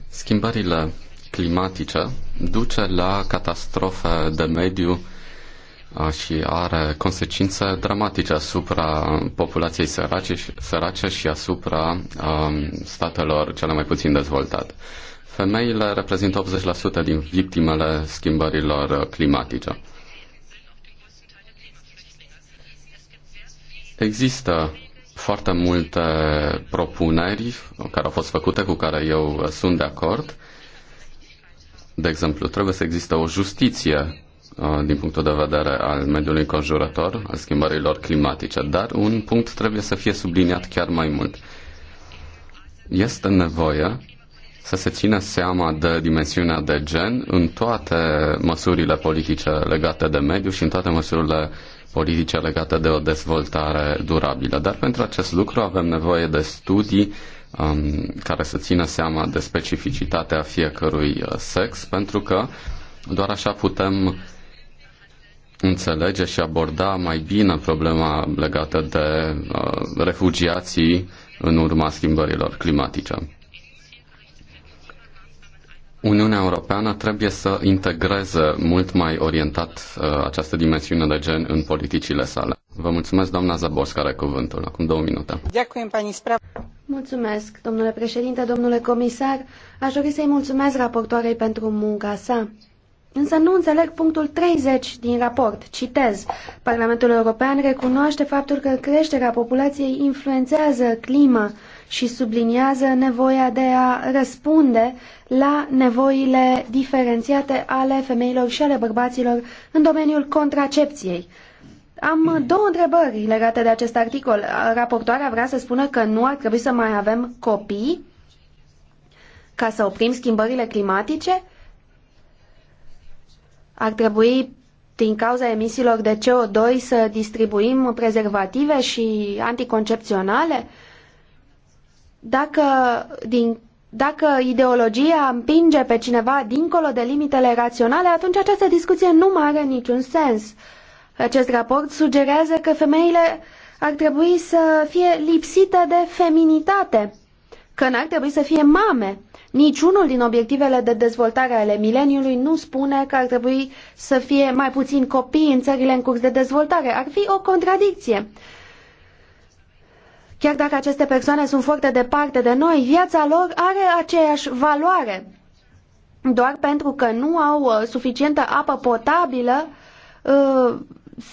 Schimbările climatice duce la catastrofe de mediu și are consecințe dramatice asupra populației sărace și, sărace și asupra um, statelor cele mai puțin dezvoltate. Femeile reprezintă 80% din victimele schimbărilor climatice. Există foarte multe propuneri care au fost făcute, cu care eu sunt de acord. De exemplu, trebuie să existe o justiție Uh, din punctul de vedere al mediului conjurător, al schimbărilor climatice, dar un punct trebuie să fie subliniat chiar mai mult. Este nevoie să se țină seama de dimensiunea de gen în toate măsurile politice legate de mediu și în toate măsurile politice legate de o dezvoltare durabilă. Dar pentru acest lucru avem nevoie de studii um, care să țină seama de specificitatea fiecărui uh, sex, pentru că doar așa putem înțelege și aborda mai bine problema legată de uh, refugiații în urma schimbărilor climatice. Uniunea Europeană trebuie să integreze mult mai orientat uh, această dimensiune de gen în politicile sale. Vă mulțumesc, doamna Zaborska, are cuvântul. Acum două minute. Mulțumesc, domnule președinte, domnule comisar. Aș dori să-i mulțumesc raportoarei pentru munca sa. Însă nu înțeleg punctul 30 din raport. Citez. Parlamentul European recunoaște faptul că creșterea populației influențează clima și subliniază nevoia de a răspunde la nevoile diferențiate ale femeilor și ale bărbaților în domeniul contracepției. Am două întrebări legate de acest articol. Raportoarea vrea să spună că nu ar trebui să mai avem copii ca să oprim schimbările climatice? Ar trebui, din cauza emisiilor de CO2, să distribuim prezervative și anticoncepționale? Dacă, din, dacă ideologia împinge pe cineva dincolo de limitele raționale, atunci această discuție nu mai are niciun sens. Acest raport sugerează că femeile ar trebui să fie lipsite de feminitate, că n-ar trebui să fie mame. Niciunul din obiectivele de dezvoltare ale mileniului nu spune că ar trebui să fie mai puțin copii în țările în curs de dezvoltare. Ar fi o contradicție. Chiar dacă aceste persoane sunt foarte departe de noi, viața lor are aceeași valoare. Doar pentru că nu au uh, suficientă apă potabilă, uh,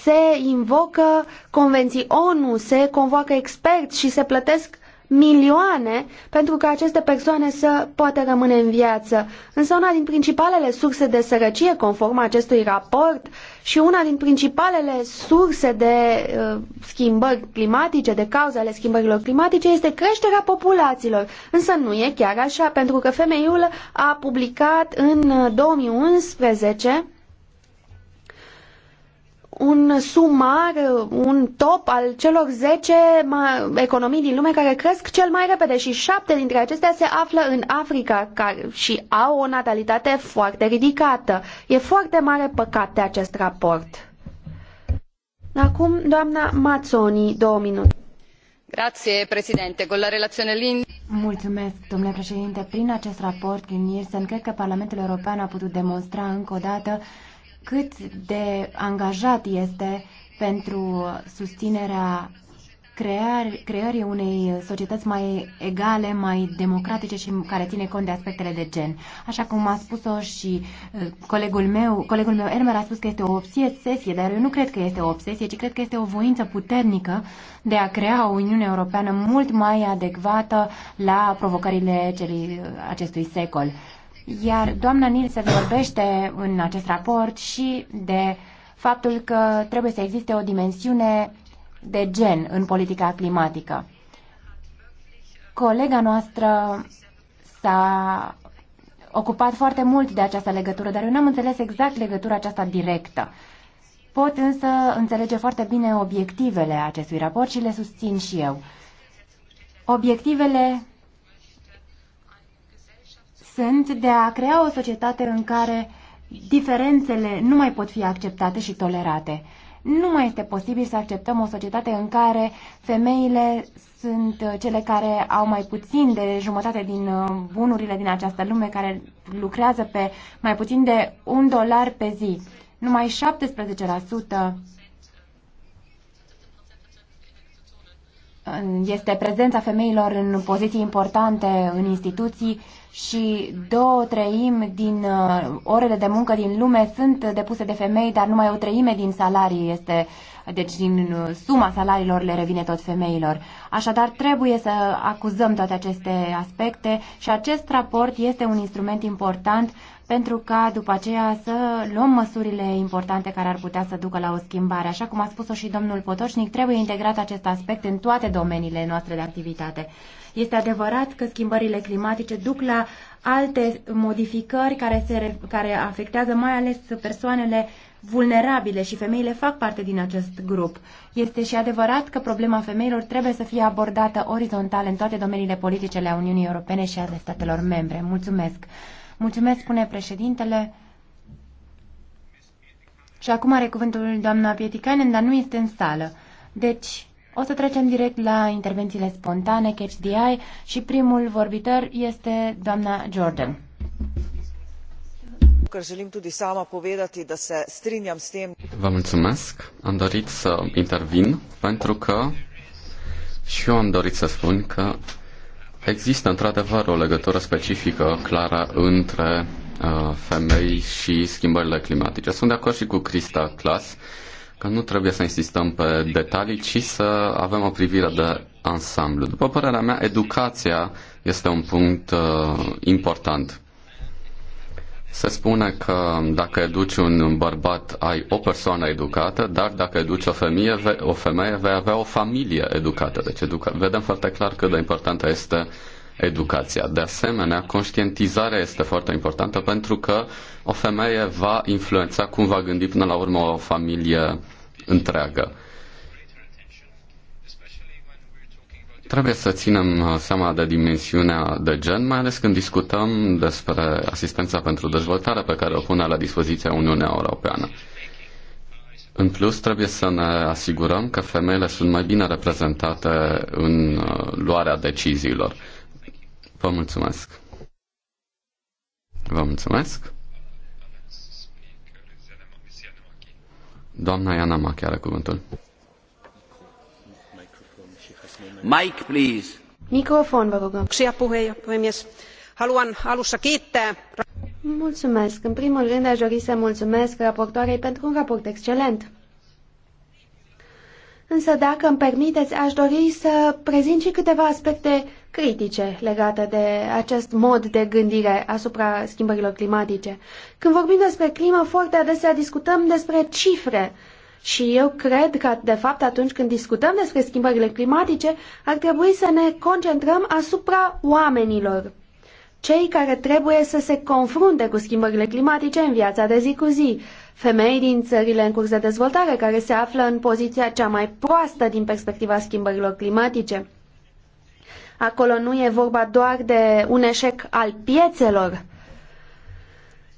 se invocă convenții ONU, se convoacă experți și se plătesc milioane pentru ca aceste persoane să poată rămâne în viață. Însă una din principalele surse de sărăcie, conform acestui raport, și una din principalele surse de uh, schimbări climatice, de cauze ale schimbărilor climatice, este creșterea populațiilor. Însă nu e chiar așa, pentru că femeiul a publicat în 2011 uh, un sumar, un top al celor 10 economii din lume care cresc cel mai repede și șapte dintre acestea se află în Africa care, și au o natalitate foarte ridicată. E foarte mare păcat de acest raport. Acum, doamna Mazzoni, două minute. Grazie, Presidente. Con la relazione Lind... Mulțumesc, domnule președinte. Prin acest raport, Nielsen, cred că Parlamentul European a putut demonstra încă o dată cât de angajat este pentru susținerea creării unei societăți mai egale, mai democratice și care ține cont de aspectele de gen. Așa cum a spus-o și uh, colegul meu, colegul meu Elmer a spus că este o obsesie, dar eu nu cred că este o obsesie, ci cred că este o voință puternică de a crea o Uniune Europeană mult mai adecvată la provocările uh, acestui secol. Iar doamna se vorbește în acest raport și de faptul că trebuie să existe o dimensiune de gen în politica climatică. Colega noastră s-a ocupat foarte mult de această legătură, dar eu n-am înțeles exact legătura aceasta directă. Pot însă înțelege foarte bine obiectivele acestui raport și le susțin și eu. Obiectivele sunt de a crea o societate în care diferențele nu mai pot fi acceptate și tolerate. Nu mai este posibil să acceptăm o societate în care femeile sunt uh, cele care au mai puțin de jumătate din uh, bunurile din această lume, care lucrează pe mai puțin de un dolar pe zi. Numai este prezența femeilor în poziții importante în instituții și două treimi din uh, orele de muncă din lume sunt depuse de femei, dar numai o treime din salarii este deci din uh, suma salariilor le revine tot femeilor. Așadar, trebuie să acuzăm toate aceste aspecte și acest raport este un instrument important pentru ca după aceea să luăm măsurile importante care ar putea să ducă la o schimbare. Așa cum a spus-o și domnul Potoșnic, trebuie integrat acest aspect în toate domeniile noastre de activitate. Este adevărat că schimbările climatice duc la alte modificări care, se, care afectează mai ales persoanele vulnerabile și femeile fac parte din acest grup. Este și adevărat că problema femeilor trebuie să fie abordată orizontal în toate domeniile politice ale Uniunii Europene și ale statelor membre. Mulțumesc. Mulțumesc, spune președintele. Și acum are cuvântul doamna Pietikainen, dar nu este în sală. Deci, o să trecem direct la intervențiile spontane, catch the eye, și primul vorbitor este doamna Jordan ker želim tudi sama povedati, da se strinjam s tem. Vă mulțumesc. Am dorit să intervin pentru că și eu am dorit să spun că există într-adevăr o legătură specifică clară între uh, femei și schimbările climatice. Sunt de acord și cu Crista Clas că nu trebuie să insistăm pe detalii, ci să avem o privire de ansamblu. După părerea mea, educația este un punct uh, important se spune că dacă educi un bărbat, ai o persoană educată, dar dacă educi o femeie, o femeie vei avea o familie educată. Deci educa- vedem foarte clar cât de importantă este educația. De asemenea, conștientizarea este foarte importantă pentru că o femeie va influența cum va gândi până la urmă o familie întreagă. Trebuie să ținem uh, seama de dimensiunea de gen, mai ales când discutăm despre asistența pentru dezvoltare pe care o pune la dispoziția Uniunea Europeană. În plus, trebuie să ne asigurăm că femeile sunt mai bine reprezentate în uh, luarea deciziilor. Vă mulțumesc! Vă mulțumesc! Doamna Iana Machia are cuvântul. Mike, please. Haluan alussa kiittää. Mulțumesc. În primul rând a dori să mulțumesc raportoarei pentru un raport excelent. Însă, dacă îmi permiteți, aș dori să prezint și câteva aspecte critice legate de acest mod de gândire asupra schimbărilor climatice. Când vorbim despre climă, foarte adesea discutăm despre cifre și eu cred că, de fapt, atunci când discutăm despre schimbările climatice, ar trebui să ne concentrăm asupra oamenilor. Cei care trebuie să se confrunte cu schimbările climatice în viața de zi cu zi, femei din țările în curs de dezvoltare care se află în poziția cea mai proastă din perspectiva schimbărilor climatice. Acolo nu e vorba doar de un eșec al piețelor,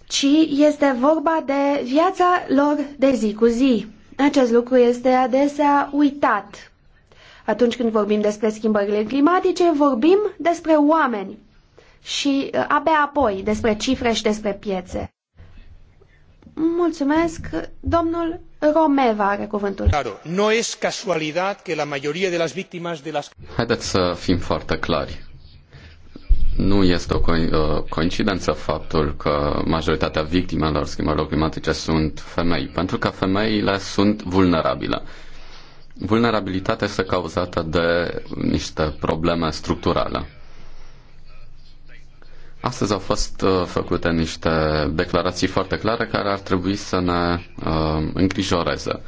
ci este vorba de viața lor de zi cu zi. Acest lucru este adesea uitat. Atunci când vorbim despre schimbările climatice, vorbim despre oameni și uh, abia apoi despre cifre și despre piețe. Mulțumesc. Domnul Romeva are cuvântul. Claro, no es casualidad que la mayoría de las víctimas de las... Haideți să fim foarte clari. Nu este o uh, coincidență faptul că majoritatea victimelor schimbărilor climatice sunt femei, pentru că femeile sunt vulnerabile. Vulnerabilitatea este cauzată de niște probleme structurale. Astăzi au fost uh, făcute niște declarații foarte clare care ar trebui să ne uh, îngrijoreze.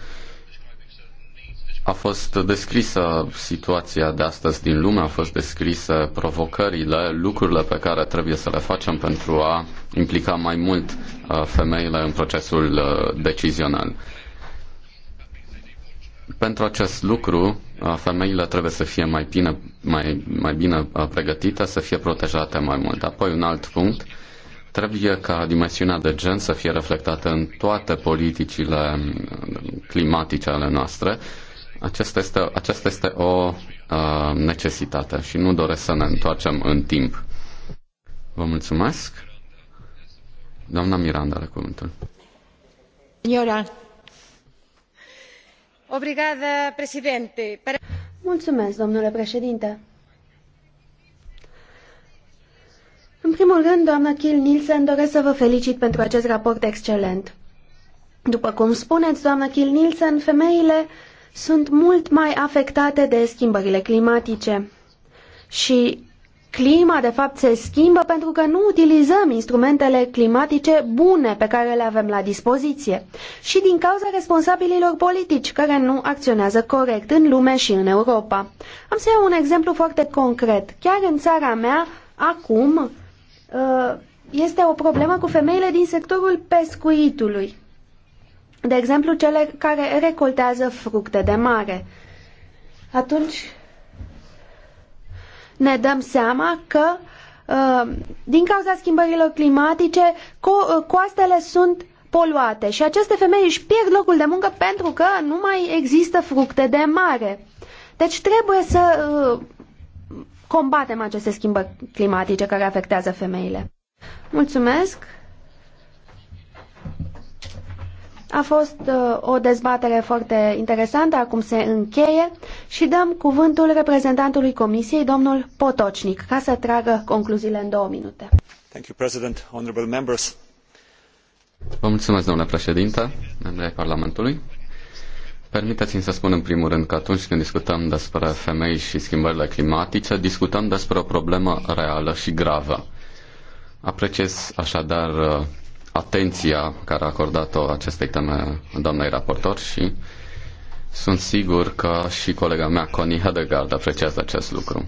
A fost descrisă situația de astăzi din lume, au fost descrise provocările, lucrurile pe care trebuie să le facem pentru a implica mai mult uh, femeile în procesul uh, decizional. Pentru acest lucru, uh, femeile trebuie să fie mai bine, mai, mai bine pregătite, să fie protejate mai mult. Apoi, un alt punct, trebuie ca dimensiunea de gen să fie reflectată în toate politicile climatice ale noastre aceasta este, aceasta este o uh, necesitate și nu doresc să ne întoarcem în timp. Vă mulțumesc. Doamna Miranda, are cuvântul. Iora. Obrigada, președinte. Mulțumesc, domnule președinte. În primul rând, doamnă Kiel Nielsen, doresc să vă felicit pentru acest raport excelent. După cum spuneți, doamnă Kiel Nielsen, femeile sunt mult mai afectate de schimbările climatice. Și clima, de fapt, se schimbă pentru că nu utilizăm instrumentele climatice bune pe care le avem la dispoziție și din cauza responsabililor politici care nu acționează corect în lume și în Europa. Am să iau un exemplu foarte concret. Chiar în țara mea, acum, ă, este o problemă cu femeile din sectorul pescuitului de exemplu cele care recoltează fructe de mare. Atunci ne dăm seama că uh, din cauza schimbărilor climatice uh, coastele sunt poluate și aceste femei își pierd locul de muncă pentru că nu mai există fructe de mare. Deci trebuie să uh, combatem aceste schimbări climatice care afectează femeile. Mulțumesc! A fost uh, o dezbatere foarte interesantă, acum se încheie și dăm cuvântul reprezentantului Comisiei, domnul Potocnic, ca să tragă concluziile în două minute. Thank you, President, honorable members. Vă mulțumesc, domnule președinte, membrii Parlamentului. Permiteți-mi să spun în primul rând că atunci când discutăm despre femei și schimbările climatice, discutăm despre o problemă reală și gravă. Apreciez așadar uh, atenția care a acordat-o acestei teme doamnei raportor și sunt sigur că și colega mea, Connie Hedegaard, apreciază acest lucru.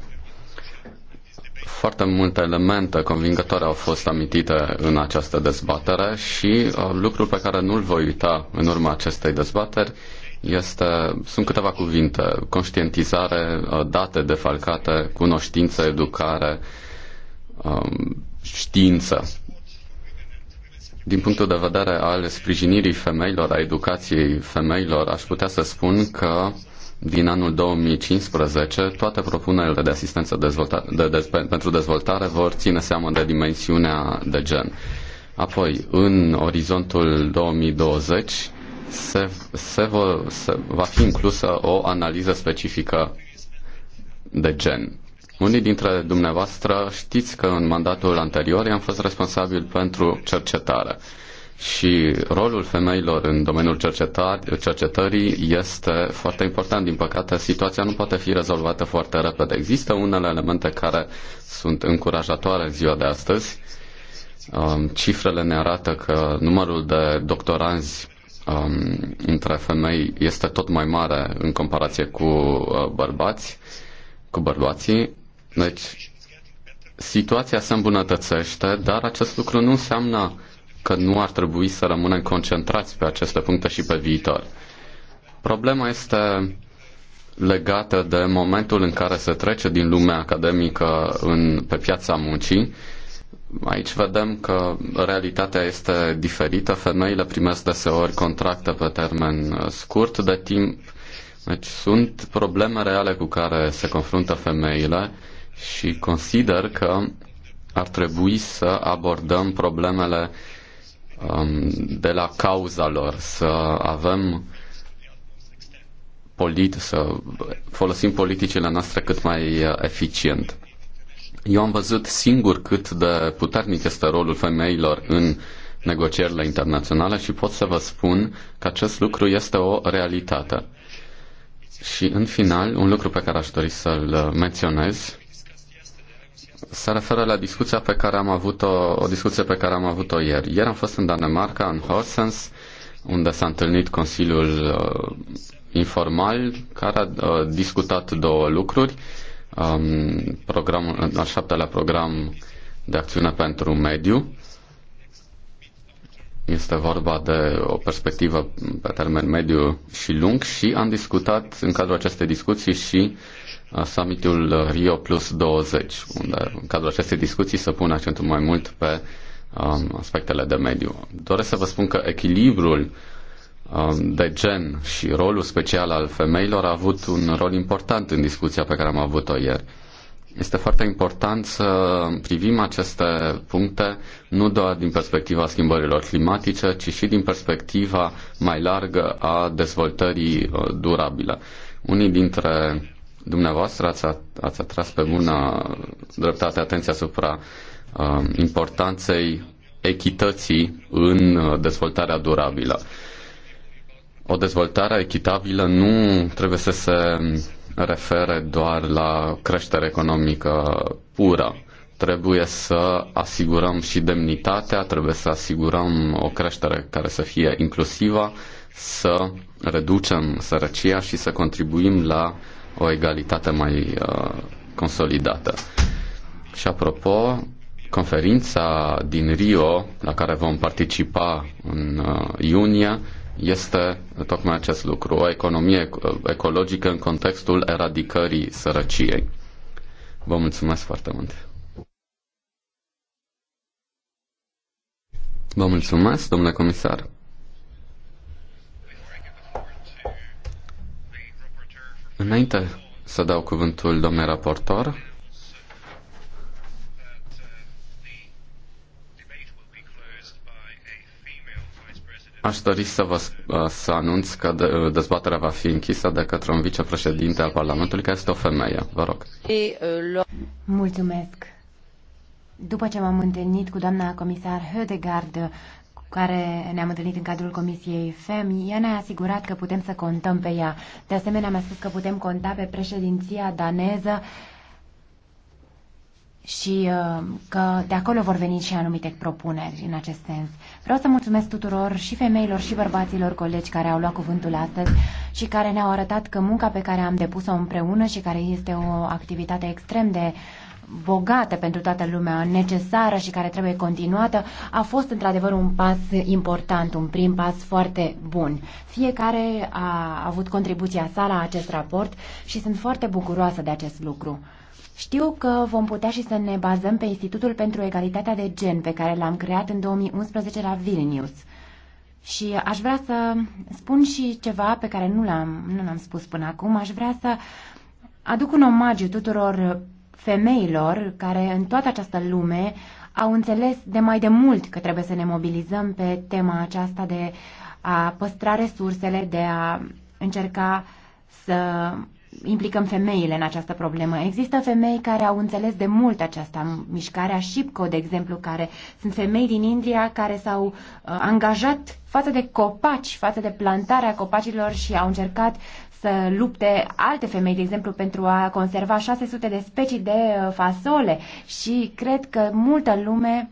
Foarte multe elemente convingătoare au fost amintite în această dezbatere și uh, lucrul pe care nu-l voi uita în urma acestei dezbateri este, sunt câteva cuvinte, conștientizare, uh, date defalcate, cunoștință, educare, um, știință. Din punctul de vedere al sprijinirii femeilor, a educației femeilor, aș putea să spun că din anul 2015 toate propunerile de asistență dezvolta- de dez- pentru dezvoltare vor ține seama de dimensiunea de gen. Apoi, în orizontul 2020 se, se, vă, se va fi inclusă o analiză specifică de gen unii dintre dumneavoastră știți că în mandatul anterior am fost responsabil pentru cercetare și rolul femeilor în domeniul cercetării este foarte important. Din păcate, situația nu poate fi rezolvată foarte repede. Există unele elemente care sunt încurajatoare în ziua de astăzi. Um, cifrele ne arată că numărul de doctoranzi um, între femei este tot mai mare în comparație cu uh, bărbați, cu bărbații deci, situația se îmbunătățește, dar acest lucru nu înseamnă că nu ar trebui să rămânem concentrați pe aceste puncte și pe viitor. Problema este legată de momentul în care se trece din lumea academică în, pe piața muncii. Aici vedem că realitatea este diferită. Femeile primesc deseori contracte pe termen uh, scurt de timp. Deci sunt probleme reale cu care se confruntă femeile și consider că ar trebui să abordăm problemele um, de la cauza lor, să avem polit, să folosim politicile noastre cât mai uh, eficient. Eu am văzut singur cât de puternic este rolul femeilor în negocierile internaționale și pot să vă spun că acest lucru este o realitate. Și în final, un lucru pe care aș dori să-l uh, menționez se referă la discuția pe care am avut-o, o discuție pe care am avut-o ieri. Ieri am fost în Danemarca, în Horsens, unde s-a întâlnit Consiliul uh, Informal, care a uh, discutat două lucruri. Um, programul, al șaptelea program de acțiune pentru mediu. Este vorba de o perspectivă pe termen mediu și lung și am discutat în cadrul acestei discuții și uh, summitul Rio Plus 20, unde în cadrul acestei discuții se pune accentul mai mult pe um, aspectele de mediu. Doresc să vă spun că echilibrul um, de gen și rolul special al femeilor a avut un rol important în discuția pe care am avut-o ieri. Este foarte important să privim aceste puncte nu doar din perspectiva schimbărilor climatice, ci și din perspectiva mai largă a dezvoltării uh, durabile. Unii dintre dumneavoastră ați, ați atras pe bună dreptate atenția asupra uh, importanței echității în dezvoltarea durabilă. O dezvoltare echitabilă nu trebuie să se refere doar la creștere economică pură. Trebuie să asigurăm și demnitatea, trebuie să asigurăm o creștere care să fie inclusivă, să reducem sărăcia și să contribuim la uh, o egalitate mai uh, consolidată. Și apropo, conferința din Rio, la care vom participa în uh, iunie, este tocmai acest lucru, o economie uh, ecologică în contextul eradicării sărăciei. Vă mulțumesc foarte mult! Vă mulțumesc, domnule comisar! Înainte să dau cuvântul domnului raportor, Aș dori să vă uh, să anunț că uh, dezbaterea va fi închisă de către un vicepreședinte al Parlamentului, care este o femeie. Vă rog. Mulțumesc. După ce m-am întâlnit cu doamna comisar Hödegard care ne-am întâlnit în cadrul Comisiei FEM, ea ne-a asigurat că putem să contăm pe ea. De asemenea, mi-a spus că putem conta pe președinția daneză și uh, că de acolo vor veni și anumite propuneri în acest sens. Vreau să mulțumesc tuturor și femeilor și bărbaților colegi care au luat cuvântul astăzi și care ne-au arătat că munca pe care am depus-o împreună și care este o activitate extrem de uh, bogată pentru toată lumea, necesară și care trebuie continuată, a fost într-adevăr un pas important, un prim pas foarte bun. Fiecare a avut contribuția sa la acest raport și sunt foarte bucuroasă de acest lucru. Știu că vom putea și să ne bazăm pe Institutul pentru Egalitatea de Gen pe care l-am creat în 2011 la Vilnius. Și aș vrea să spun și ceva pe care nu l-am, nu l-am spus până acum. Aș vrea să aduc un omagiu tuturor femeilor care în toată această lume au înțeles de mai de mult că trebuie să ne mobilizăm pe tema aceasta de a păstra resursele, de a încerca să implicăm femeile în această problemă. Există femei care au înțeles de mult această mișcare, a Shipco, de exemplu, care sunt femei din India care s-au uh, angajat față de copaci, față de plantarea copacilor și au încercat să lupte alte femei, de exemplu, pentru a conserva 600 de specii de uh, fasole și cred că multă lume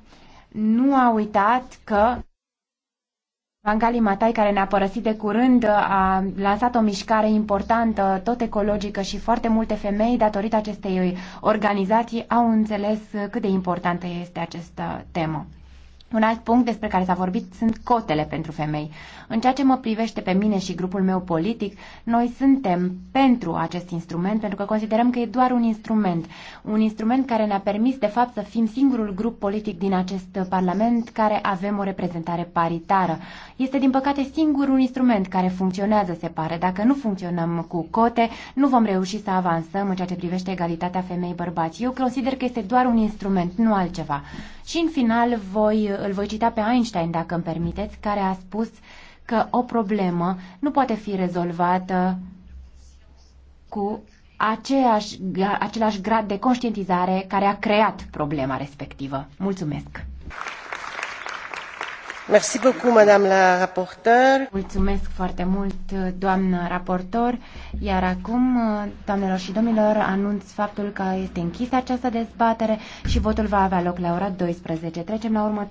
nu a uitat că Vangali Matai, care ne-a părăsit de curând, uh, a lansat o mișcare importantă, tot ecologică și foarte multe femei, datorită acestei organizații, au înțeles uh, cât de importantă este această temă. Un alt punct despre care s-a vorbit sunt cotele pentru femei. În ceea ce mă privește pe mine și grupul meu politic, noi suntem pentru acest instrument pentru că considerăm că e doar un instrument. Un instrument care ne-a permis, de fapt, să fim singurul grup politic din acest Parlament care avem o reprezentare paritară. Este, din păcate, singurul instrument care funcționează, se pare. Dacă nu funcționăm cu cote, nu vom reuși să avansăm în ceea ce privește egalitatea femei-bărbați. Eu consider că este doar un instrument, nu altceva. Și în final voi, îl voi cita pe Einstein, dacă îmi permiteți, care a spus că o problemă nu poate fi rezolvată cu aceeași, același grad de conștientizare care a creat problema respectivă. Mulțumesc! Mulțumesc foarte mult, doamnă raportor. Iar acum, doamnelor și domnilor, anunț faptul că este închisă această dezbatere și votul va avea loc la ora 12. Trecem la următoarea.